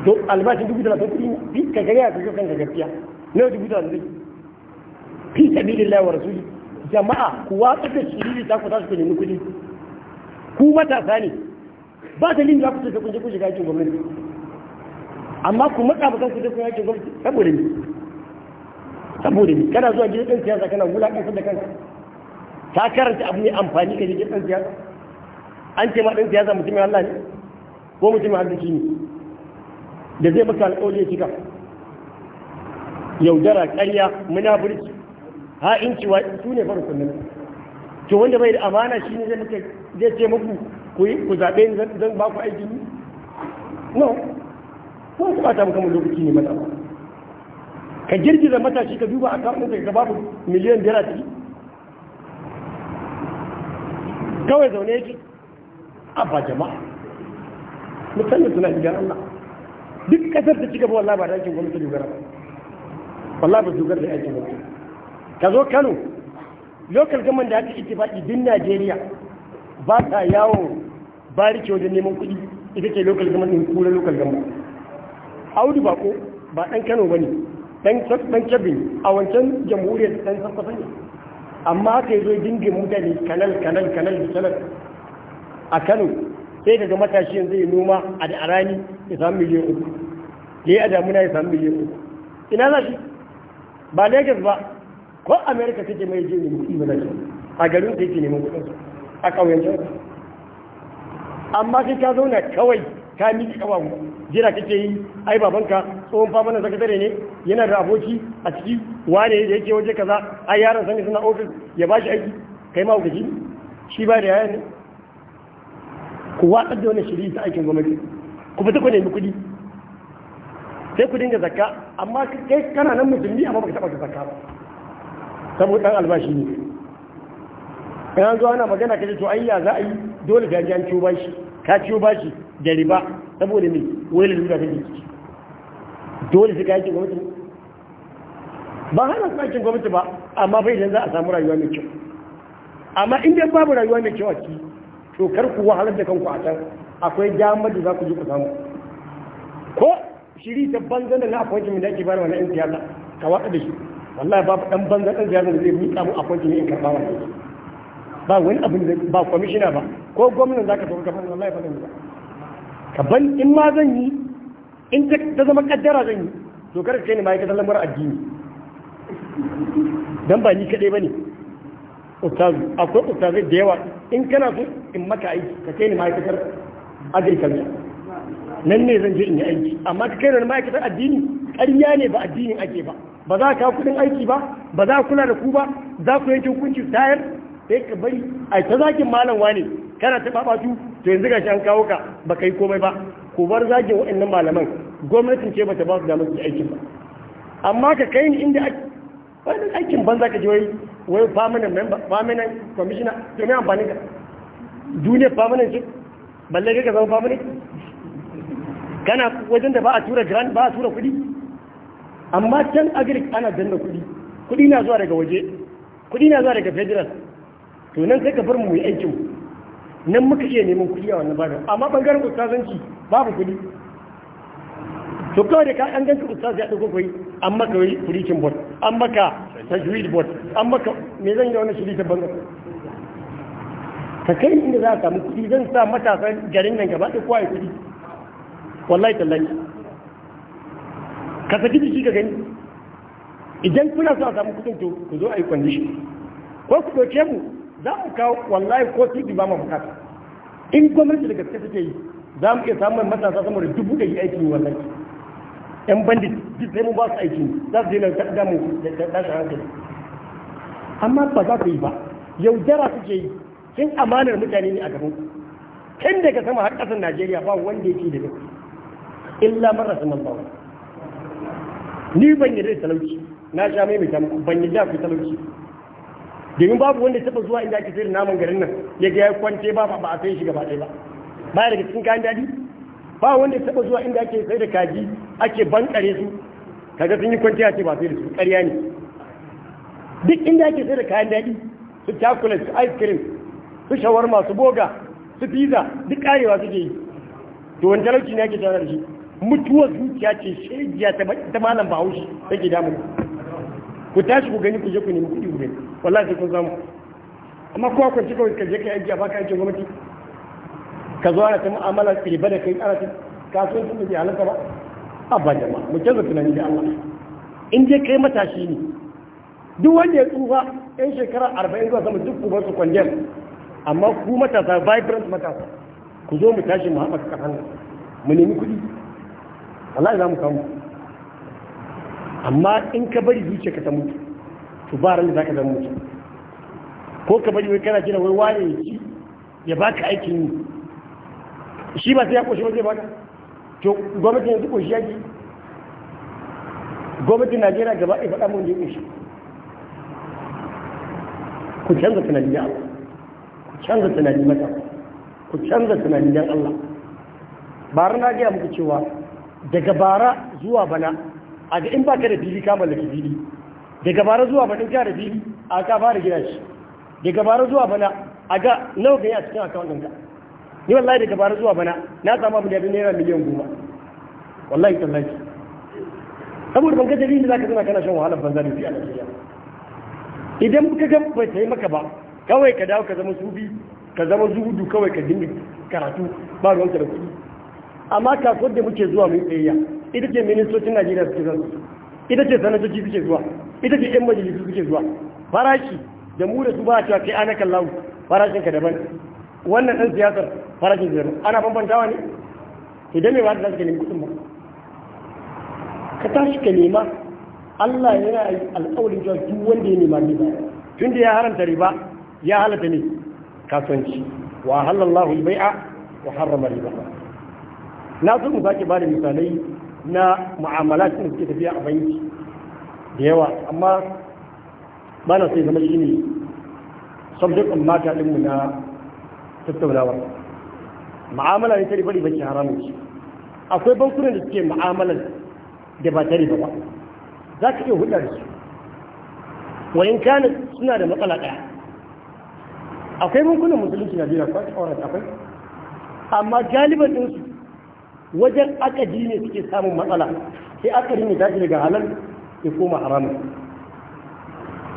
to albashin dubu talatin kuɗi fi ka gari a kuka kanka gaskiya nawa dubu talatin fi sabilillahi wa rasuli jama'a ku watsa da shiriri ta ku su ka nemi kuɗi ku matasa ne ba ta lin da ku ce ta kunje ku shiga aikin gwamnati amma ku matsa ba kanku duk yake gwamnati saboda ni saboda ni kana zuwa gidan ɗan siyasa kana ɗan sanda kanka ta karanta abu ne amfani ka gidan ɗan siyasa an ce ma ɗan siyasa mutumin Allah ne ko mutumin arziki ne da zai maka alƙawari ya cika yaudara ƙarya munafurci ha'inci wa su ne farko nan to wanda bai da amana shi ne zai ce muku ku zaɓe ni zan ba ku aiki no kuma ka bata maka lokaci ne mata ka girgiza matashi ka duba a kafin ka babu miliyan biyar a ciki kawai zaune yake a ba jama'a mutane suna gidan Allah duk kasar ta cigaba wallah ba da gwamnati dogara ba wallah ba dogara da aikin gwamnati ka zo Kano local government da aka ittifaki din Najeriya ba ta yawo barike wajen neman kuɗi ita ce local government din kura local government audu ba ko ba ɗan kano ba ne ɗan kebbi a wancan jamhuriyar ɗan sassafa ne amma aka yi zo dinga mutane kanal kanal kanal da sanar a kano sai daga matashi yanzu ya noma a da rani ya samu miliyan uku ya yi a damuna ya samu miliyan uku ina za shi ba lagos ba ko america take mai je nemi kuɗi ba shi a garin sai ke neman kuɗinsu a ƙauyen amma sai ka zauna kawai ka miƙi ƙawa jira kake yi ai babanka tsohon famanan sakatare ne yana da aboki a ciki wane da yake waje kaza ai yaron sani suna ofis ya ba shi aiki kai ma gaji shi ba da yaya ne ku watsar da wani shiri ta aikin gwamnati ku fita ku nemi kuɗi sai ku dinga zakka amma kai kana nan musulmi amma baka taba ka zakka ba saboda dan albashi ne kan zo ana magana kaje to ayya za a yi dole ga an ciwo bashi ka ciwo bashi da riba saboda me wailin da ta jiki dole sai ka gwamnati ba hana su aikin gwamnati ba amma bai idan za a samu rayuwa mai kyau amma in dai babu rayuwa mai kyau a ciki to kar ku wahalar da kanku a can akwai damar da za ku je ku samu ko shiri ta banza da na appointment da ake bayar wani in yan siyasa ka watsa da shi wallahi babu dan banza dan siyasa da zai miƙa mu appointment in karɓa wannan ba wani abin da ba kwamishina ba ko gwamnan zaka tafi fara wallahi ba zan ba ka ban in ma zan yi in ta zama kaddara zan yi to kar ka kai ni ma'aikatan lamarin addini dan ba ni kadai bane ustazu akwai ustazai da yawa in kana so in maka aiki ka kai ni ma ma'aikatar agriculture nan ne zan je in yi aiki amma ka kai ni ma ma'aikatar addini ƙarya ne ba addinin ake ba ba za ka kudin aiki ba ba za kula da ku ba za ku yanke hukunci tayar sai ka bari a ta zakin malam wane kana ta babatu to yanzu gashi an kawo ka ba kai komai ba ku bar zagin waɗannan malaman gwamnatin ce bata ba su damar su aikin ba amma ka kai ni inda wani aikin banza ka je wai wai permanent member permanent commissioner to me amfani ka duniya permanent ce balle kai ka zama permanent kana wajen da ba a tura grand ba a tura kuɗi amma can agric ana danna kuɗi kuɗi na zuwa daga waje kuɗi na zuwa daga federal to nan sai ka bar mu yi aikin mu nan muka iya neman kuɗi a wannan babin amma bangaren ustazanci babu kuɗi to kawai da ka an ganka ustaz ya ɗauko kuɗi an maka kurikin bot an maka tajwid bot an maka me zan yi wani shirikin bangar ka kai inda za a samu kuɗi zan sa matasan garin nan gaba ɗaya kowa ya kuɗi wallahi tallahi ka saki jiki ka gani idan kuna so a samu kuɗin to ku zo a yi kwandishin ko ku ɗauke mu za mu kawo wallahi ko titi ba mu bukata in gwamnati da gaske take yi za mu iya samun matasa sama da dubu da yi aiki wallahi yan bandit duk sai mu ba su aiki za su daina da mu da tashin hankali amma ba za su yi ba yaudara suke yi sun amanar mutane ne a gaban ku. tun daga sama har ƙasar najeriya ba wanda yake da gaske illa marasa man ba ni ban yi da talauci na sha mai mai ban yi da ku talauci domin babu wanda taba zuwa inda ake sayar naman garin nan ya ga ya kwance ba ba a sayi shi gaba ɗaya ba baya daga cikin kayan daɗi ba wanda taba zuwa inda ake sayar da kaji ake bankare su kaga sun yi kwance a ce ba sai da su ƙarya ne duk inda ake sayar da kayan daɗi su chocolate su ice cream su shawarma su boga su pizza duk karewa suke yi to wani talauci ne ake tsanar da shi mutuwar zuciya ce shirgiya ta malam bahaushe take damu ku tashi ku gani ku je ku nemi kuɗi ku gani wallahi sai kun samu amma kowa ku ci kawai ka je kai aiki a baka aikin gwamnati ka zo ana ta mu'amala riba da kai ana ta kasuwancin da bai halarta ba abba jama'a mu canza tunani da Allah in je kai matashi ne duk wanda ya tsufa yan shekara arba'in zuwa sama duk bar su kwandem amma ku matasa vibrant matasa ku zo mu tashi mu haɓaka kafan mu nemi kuɗi wallahi za mu samu amma in ka bari zuciya ka ta mutu to ba ran da zaka zama mutu ko ka bari wai kana jira wai waye ya ci ya baka aikin yi shi ba sai ya koshi ba zai baka to gwamnati yanzu koshi yake Gwamnati na najeriya gaba ɗaya faɗa mun da ya koshi ku canza tunani ya Allah ku canza tunani mata ku canza tunani dan Allah ran na gaya muku cewa daga bara zuwa bana a ga in ba ka da fili ka mallaki fili daga bara zuwa bana ka da fili a ka fara gina shi daga bara zuwa bana a ga nawa ka yi a cikin akawun ɗinka ni wallahi daga bara zuwa bana na samu abin da naira miliyan goma wallahi tallahi saboda ban ga dalilin za ka zama kana shan wahalar banza da fiye a Najeriya idan ka ga bai sai maka ba kawai ka dawo ka zama sufi ka zama zuhudu kawai ka dinga karatu ba ruwanka da kuɗi amma kasuwar da muke zuwa mai tsayayya ita ce ministocin najeriya suke zuwa ita ce sanatoci suke zuwa ita ce yan majalisu suke zuwa farashi da mu da su ba a cewa kai anakan lawu farashin ka daban wannan ɗan siyasar farashin zai daban ana bambantawa ne idan mai wata za su nemi kuɗin ba ka tashi ka nema Allah yana yi alƙawarin cewa duk wanda ya nema riba tun da ya haramta riba ya halatta ne kasuwanci wa halallahu bai'a wa harrama riba na so mu sake ba da misalai na mu'amala da suke tafiya a banki da yawa amma ba na sai zama shi ne subject ɗin mata ɗinmu na tattaunawa mu'amala ne ta riba riba ke haramun shi akwai bankunan da suke mu'amalar da ba ta riba ba za ka iya hulɗa da su wayan kana suna da matsala ɗaya akwai bankunan musulunci na biyu na kwanci akwai amma galiban ɗinsu wajen akadi ne suke samun matsala sai akadi ne tashi daga halal ya koma haramun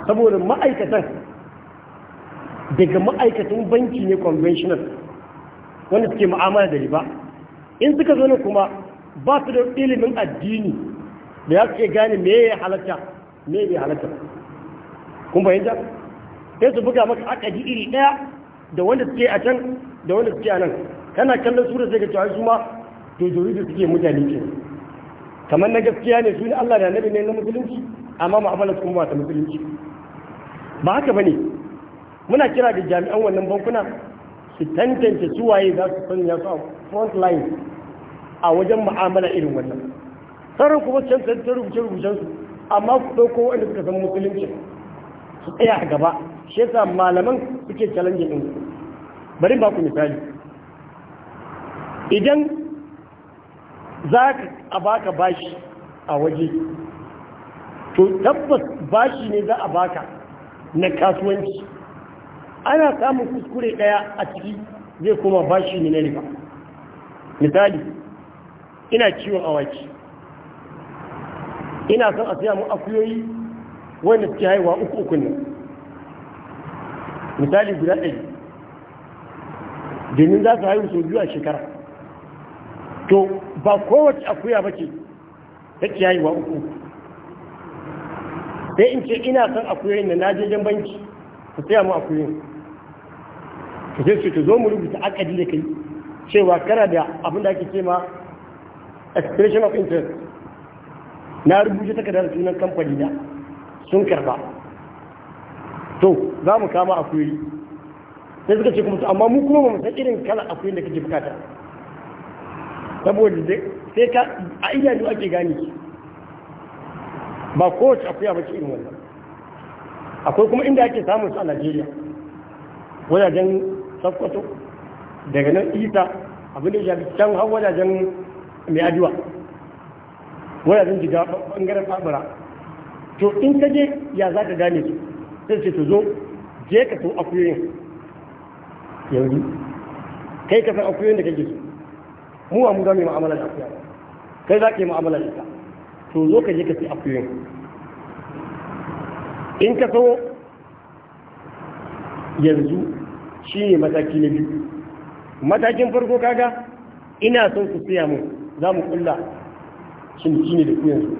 saboda ma'aikatan daga ma'aikatan banki ne conventional wanda suke mu'amala da riba in suka zo ne kuma ba su da ilimin addini da ya suke gane me ya halatta me ya halatta kun bayyanta sai su buga maka akadi iri daya da wanda suke a can da wanda suke a nan kana kallon sura sai ga cewa su ma dodori da suke mutane ke kamar na gaskiya ne su ne Allah da nabi ne na musulunci amma su kuma ba ta musulunci ba haka ba ne muna kira da jami'an wannan bankuna su tantance su waye za su sanya su a front line a wajen mu'amala irin wannan sauran kuma can ta rubuce rubucen su amma ku ɗauko wanda suka san musulunci su tsaya a gaba shi yasa malaman suke challenge din bari ba ku misali idan za a baka bashi a waje to tabbas bashi ne za a baka na kasuwanci ana samun kuskure daya a ciki zai kuma bashi ne na riba misali ina ciwon awaki ina son a siya mu akuyoyi wanda suke haihuwa uku uku ne misali guda ɗari domin za su haihu sau biyu a shekara to ba kowace akuya ba ce ta kiyayi wa uku sai in ce ina son akuyoyin da na jejen banki ta tsaye mu akuyoyin ka sai su ta zo mu rubuta akadi da kai cewa kana da abin da ake ce ma expression of interest na rubuta kadar sunan kamfani da sun karba to za mu kama akuyoyi sai suka ce kuma amma mu kuma mu san irin kala akuyoyin da kake bukata saboda sai ka a idanu ake gane ki ba kowace akuya ba ce irin wannan akwai kuma inda ake samun su a najeriya wajajen sakkwato daga nan isa abin da shafi can har wajajen mai ajiwa wajajen jiga bangaren fabura to in ka je ya za ka gane su sai ce to zo je ka so akuyoyin yanzu kai ka san akuyoyin da kake so mu ba mu ga mai mu'amala da akuya kai za ka yi mu'amala da ita to zo ka je ka ci akuyoyin in ka so yanzu shi ne mataki na biyu matakin farko kaga ina son su siya mu za mu kulla shi ne da ku yanzu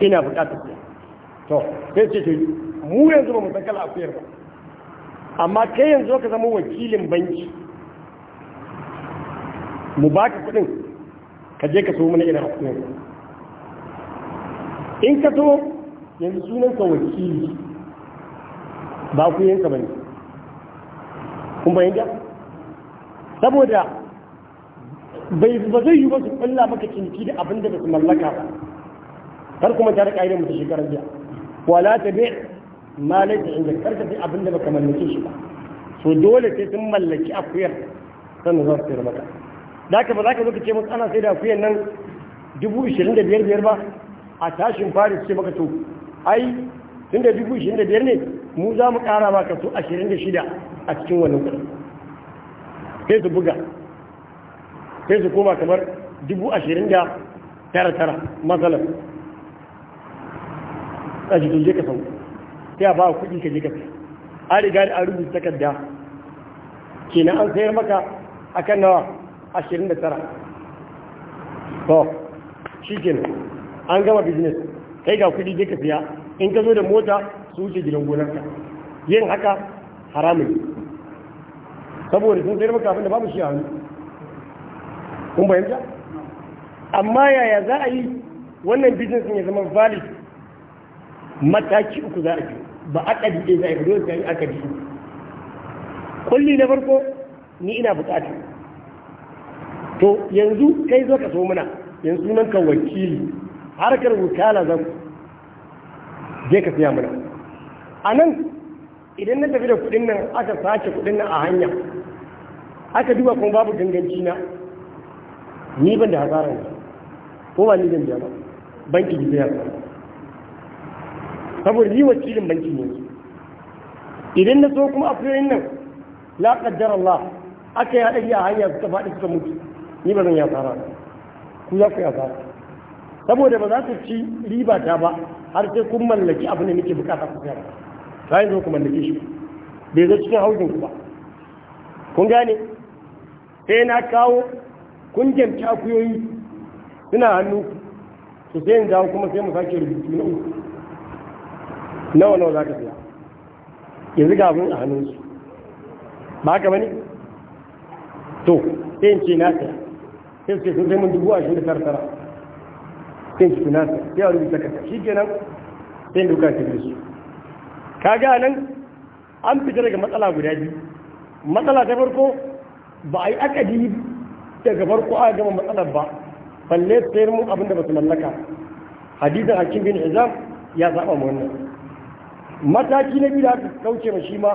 ina bukatar siya to sai ce to mu yanzu ba mu san kala akuyar ba amma kai yanzu ka zama wakilin banki mu ba ka kuɗin ka je ka so mana irin kudin in ka so yanzu sunan ka wakili ba ku yanka bane kun bayyana saboda bai ba zai yi ba su kulla maka ciniki da abin da ba su mallaka ba kar kuma ta rika irin mutu shekarar jiya wala ta bi ma laifin inda karka fi abin da baka mallake shi ba so dole sai sun mallaki akuyar sannan za su sayar maka da ka ba za ka zo ka ce musu ana sai da akuyan nan dubu ishirin da biyar biyar ba a tashin fari ce maka to ai tun da dubu ishirin da biyar ne mu za mu ƙara maka so ashirin da shida a cikin wannan kuɗi. sai su buga sai su koma kamar dubu ashirin da tara tara matsalar a jikin je ka sau sai a ba kuɗi ka je ka sau a riga da an rubuta takarda kenan an sayar maka akan nawa ashirin da tara to shi kenan an gama business kai ga kuɗi zai ka siya in ka zo da mota su wuce gidan gonarka yin haka haramun saboda sun sayar maka abin da babu shi a hannu kun bayanta amma yaya za a yi wannan business ya zama valid mataki uku za a yi ba akadi ɗaya za a yi ba dole sai akadi kulli na farko ni ina bukata to yanzu kai zo ka so muna yanzu nan ka wakili harkar wukala zan je ka siya muna a nan idan na tafi da kuɗin nan aka sace kuɗin nan a hanya aka duba kuma babu ganganci na ni ban da hasaran ko ba ni zan biya ba banki ji biya ba saboda ni wakilin banki ne idan na so kuma a fiyoyin nan la kaddar Allah aka yi haɗari a hanya suka faɗi suka mutu ni ba zan yi asara ku za ku yi asara saboda ba za ku ci riba ta ba har sai kun mallaki abu ne nake bukata ku sayar bayan zo ku mallake shi bai zo cikin haujin ku ba kun gane sai na kawo kun jamci akuyoyi suna hannu su sai in dawo kuma sai mu sake rubutu na uku nawa nawa za ka siya yanzu ga abin a hannunsu ba haka bane to sai in ce na siya sai su mun dubu da tartara su sai a rubuta kasa shi kenan sai duka ta ka ga nan an fita daga matsala guda biyu matsala ta farko ba a yi akadi daga farko a gama matsalar ba balle sayar mu abin da ba su mallaka hadisan hakim bin izam ya zaɓa mu wannan mataki na biyu da aka kauce ma shi ma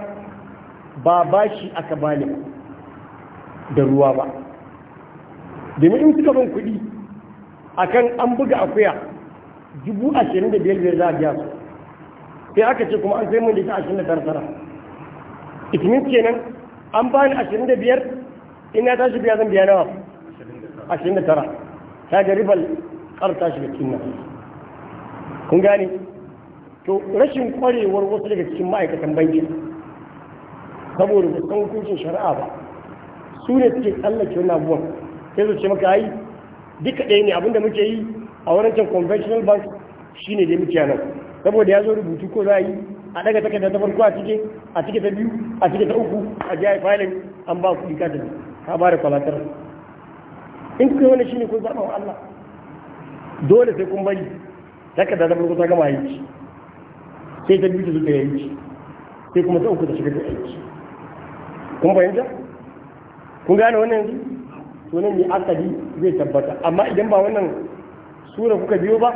ba bashi aka bani da ruwa ba domin in suka ban kuɗi kan an buga akuya dubu ashirin da biyar biyar za a biya su sai aka ce kuma an sai mun da ita ashirin da tara tara itimin kenan an ba ni ashirin da biyar in ya tashi biya zan biya nawa ashirin da tara ta ga ribar ƙarta shi da cikin kun gane to rashin kwarewar wasu daga cikin ma'aikatan banki saboda ba san hukuncin shari'a ba su ne suke tsallake wani abubuwan sai zuci maka ai duka ɗaya ne abinda muke yi a wancan conventional bank shine dai muke nan saboda ya zo rubutu ko za a yi a daga takarda ta farko a cike a cike ta biyu a cike ta uku a jiya filin an ba ku dika tafi ka ba da kwalatar in kuka wani shine ko zaɓa wa Allah dole sai kun bari takarda ta farko ta gama aiki sai ta biyu ta zuta aiki sai kuma ta uku ta shiga ta aiki kun fahimta kun gane wannan yanzu to nan ne akadi zai tabbata amma idan ba wannan sura kuka biyo ba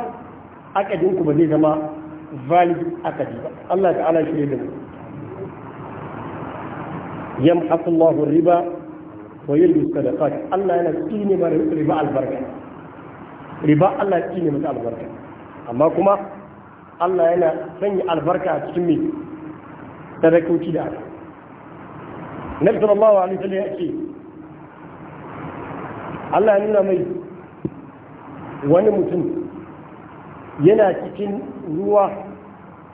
akadin ku ba zai zama valid akadi ba Allah ta'ala shi da yamhaqu Allahu riba wa yulbi sadaqat Allah yana tsine riba albarka riba Allah tsine mata albarka amma kuma Allah yana sanya albarka a cikin mai sadakoki da Nabi sallallahu alaihi wasallam ya ce Allah ya nuna mai wani mutum yana cikin ruwa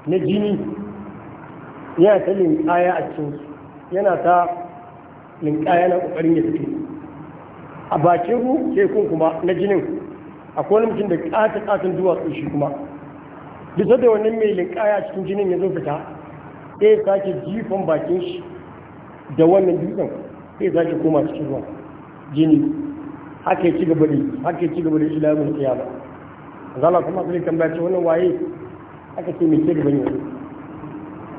na jini yana ta linkaya a cikin yana ta linkaya na kokarin ya fito a bakin ruwa ke kun kuma na jinin akwai wani mutum da kata ƙatan duwatsu shi kuma duk da wani mai linkaya a cikin jinin ya zo fita sai sake jifan bakin shi da wannan dutsen sai sake koma cikin ruwa jini haka ci gaba da haka ci gaba da shi lamun kiyama zala kuma sai kan bace wannan waye aka ce me ke gaba ne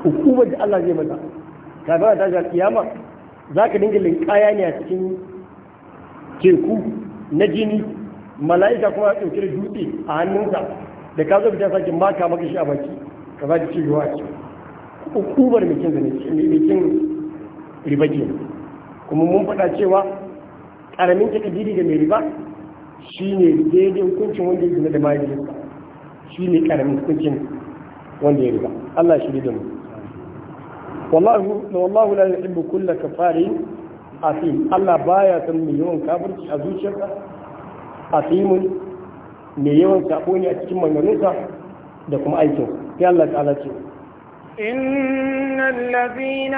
hukumar da Allah zai mata kafin ta ga kiyama za ka dinga linkaya ne a cikin teku na jini mala'ika kuma ɗauke da dutse a hannunsa da ka zo fita sake maka maka shi a baki ka za ki ci ruwa ce hukumar mikin ne mikin riba ke kuma mun faɗa cewa karamin takadiri da mai riba shi ne daidai hukuncin wanda ya zina da riba shi ne karamin hukuncin wanda ya riba Allah shi da mu wallahu wallahu la yuhibbu kull kafarin asim Allah baya san mai yawan kafirci a zuciyarsa asimun mai yawan sako ne a cikin maganarsa da kuma aikin sai Allah ta'ala ce إن الذين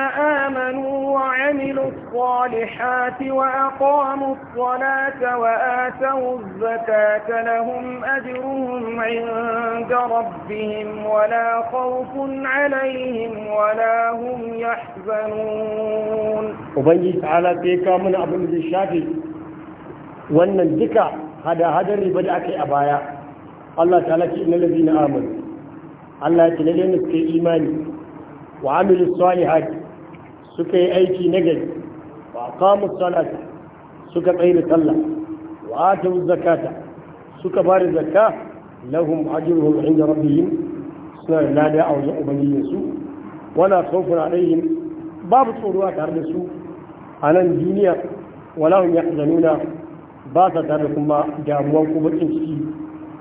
آمنوا وعملوا الصالحات وأقاموا الصلاة وآتوا الزكاة لهم أجرهم عند ربهم ولا خوف عليهم ولا هم يحزنون وبنجي تعالى تيكا من أبو الشافي وأن الذكر هذا هذا اللي بدأك أبايا الله تعالى إن الذين آمنوا Allah ya tilale mu suka yi imani wa amilu salihat suka yi aiki na gari wa aqamu salata suka tsaye sallah wa atu zakata suka ba da zakka lahum ajruhum inda rabbihim suna da lada a wajen ubangijin su wala khawfun alaihim babu tsoro a tare da su a nan duniya wala hum yahzanuna ba sa tare kuma damuwan kuma ciki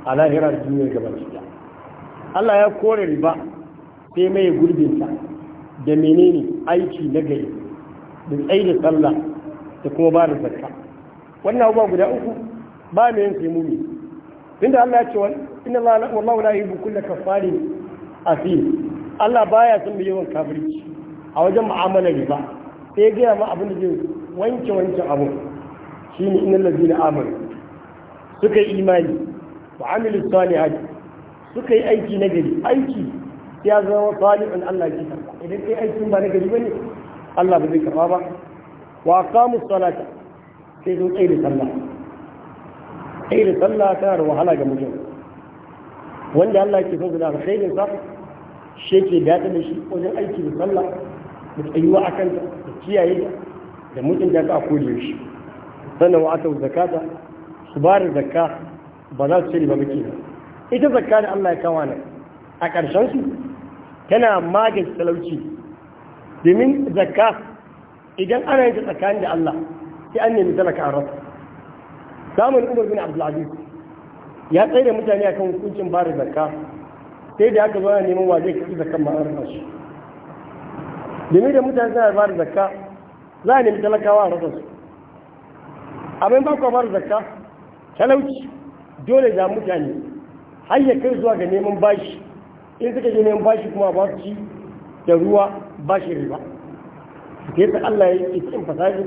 a lahirar duniya gaba ɗaya Allah ya kore riba sai mai gurbinsa da menene aiki na gari da tsaye da sallah da kuma ba da zarka wannan abubuwa guda uku ba mai yin sai mumi inda Allah ya ce wa inna Allah yi la da kafari a asim Allah baya son mai yawan kafirci a wajen ma'amala riba sai ya gaya ma abin da zai wanke wancan abu shine innal na amur suka yi imani wa amilu salihati suka yi aiki na gari aiki ya zama salihun Allah ke karba idan kai aikin ba na gari bane Allah ba zai karba ba wa qamu salata sai zo tsaye da sallah tsaye da sallah tana da wahala ga mutum wanda Allah ke son da alkhairin sa shi ke daɗa da shi wajen aiki da sallah da tsayuwa a kanta da kiyaye da mutunta ta a kodiyar shi sannan wa aka zakata su ba da zakka ba za su ce ba muke ba ita zakka da Allah ya kawo a ƙarshen su tana magis talauci domin zakka idan ana yin tsakanin da Allah sai an nemi talaka a rasa samun Umar bin Abdulaziz ya tsaye da mutane akan hukuncin bari zakka sai da aka zo neman wa zai karɓi zakkan ma'ar an domin da mutane suna bari zakka za a nemi talakawa a rasa su abin ba ku zakka talauci dole da mutane har kai zuwa ga neman bashi in suka je neman bashi kuma ba su ci da ruwa bashi riba da yasa Allah ya yi cikin fasaji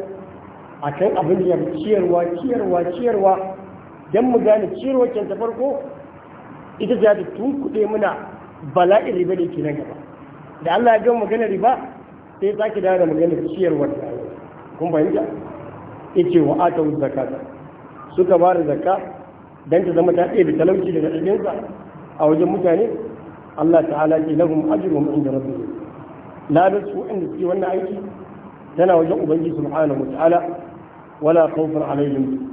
a kan abin da ya ciyarwa ciyarwa ciyarwa don mu gane ciyarwa can ta farko ita za ta tunkuɗe muna bala'in riba da ke nan gaba da Allah ya gama magana riba sai ki dawo da magana ciyarwa da kun fahimta yace wa atau zakata suka ba da zakka dan ta zama ta ɗaya da talauci daga ɗaɗinsa a wajen mutane Allah ta'ala ce lahum ajrum inda rabbi. ladar su inda suke wannan aiki tana wajen ubangiji subhanahu wa ta'ala wala khawfun alaihim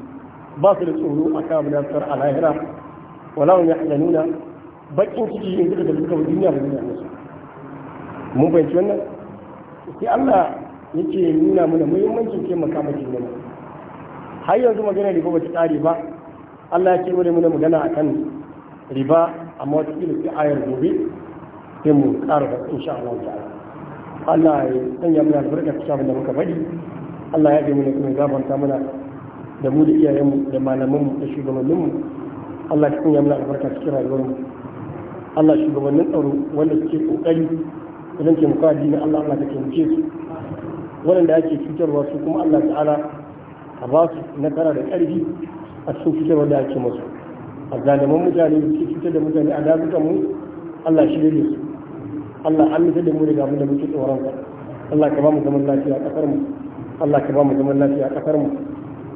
ba su da tsoro a kamun nasar a lahira wala hum ya bakin ciki in gida da suka duniya da duniya musu mun fahimci wannan sai Allah yake nuna mana muhimmancin taimaka maka nan. har yanzu magana da ba ta tare ba Allah ya ce wani muna magana a kan riba amma wata ƙila sai ayar gobe sai mu ƙara da insha Allah ta'ala Allah ya sanya mana albarka ta shafi da muka faɗi. Allah ya ji mana kuma gafarta mana da mu da iyayenmu da malamanmu da shugabanninmu Allah ya sanya mana albarka cikin rayuwarmu Allah shugabannin tsaro wanda suke kokari idan ke muka dini Allah Allah ka taimake su waɗanda ake cutarwa su kuma Allah ta'ala ka ba su nasara da ƙarfi a cikin cutar da ake masu a zaliman mutane su fitar da mutane a dazuka mu Allah shi da su Allah an mutu da mu daga abin da muke tsoron ka Allah ka ba mu zaman lafiya a kasar mu Allah ka ba mu zaman lafiya a kasar mu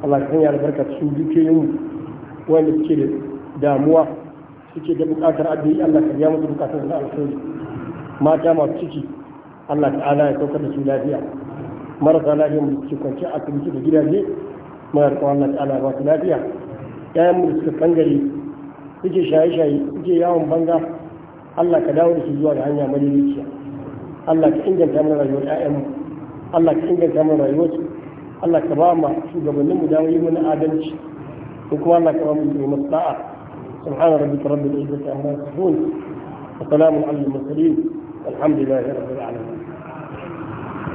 Allah ka sanya albarka su dukiyoyin mu wanda suke da damuwa suke da bukatar addini Allah ka biya musu bukatar da alkhairi mata masu ciki Allah ala ya saukar da su lafiya marasa lafiya mu suke kwanci a cikin da gidaje mara Allah ala ba su lafiya yayan mu suka kangare suke shaye-shaye suke yawon banga Allah ka dawo da su zuwa ga hanya madaliciya Allah ka inganta mana rayuwar ƴaƴanmu Allah ka inganta mana rayuwarsu Allah ka ba mu shugabannin mu dawo yi mana adalci ko kuma Allah ka ba mu yi masu da'a subhana rabbika rabbil izzati amma yasifun wa salamun alal mursalin والحمد لله رب العالمين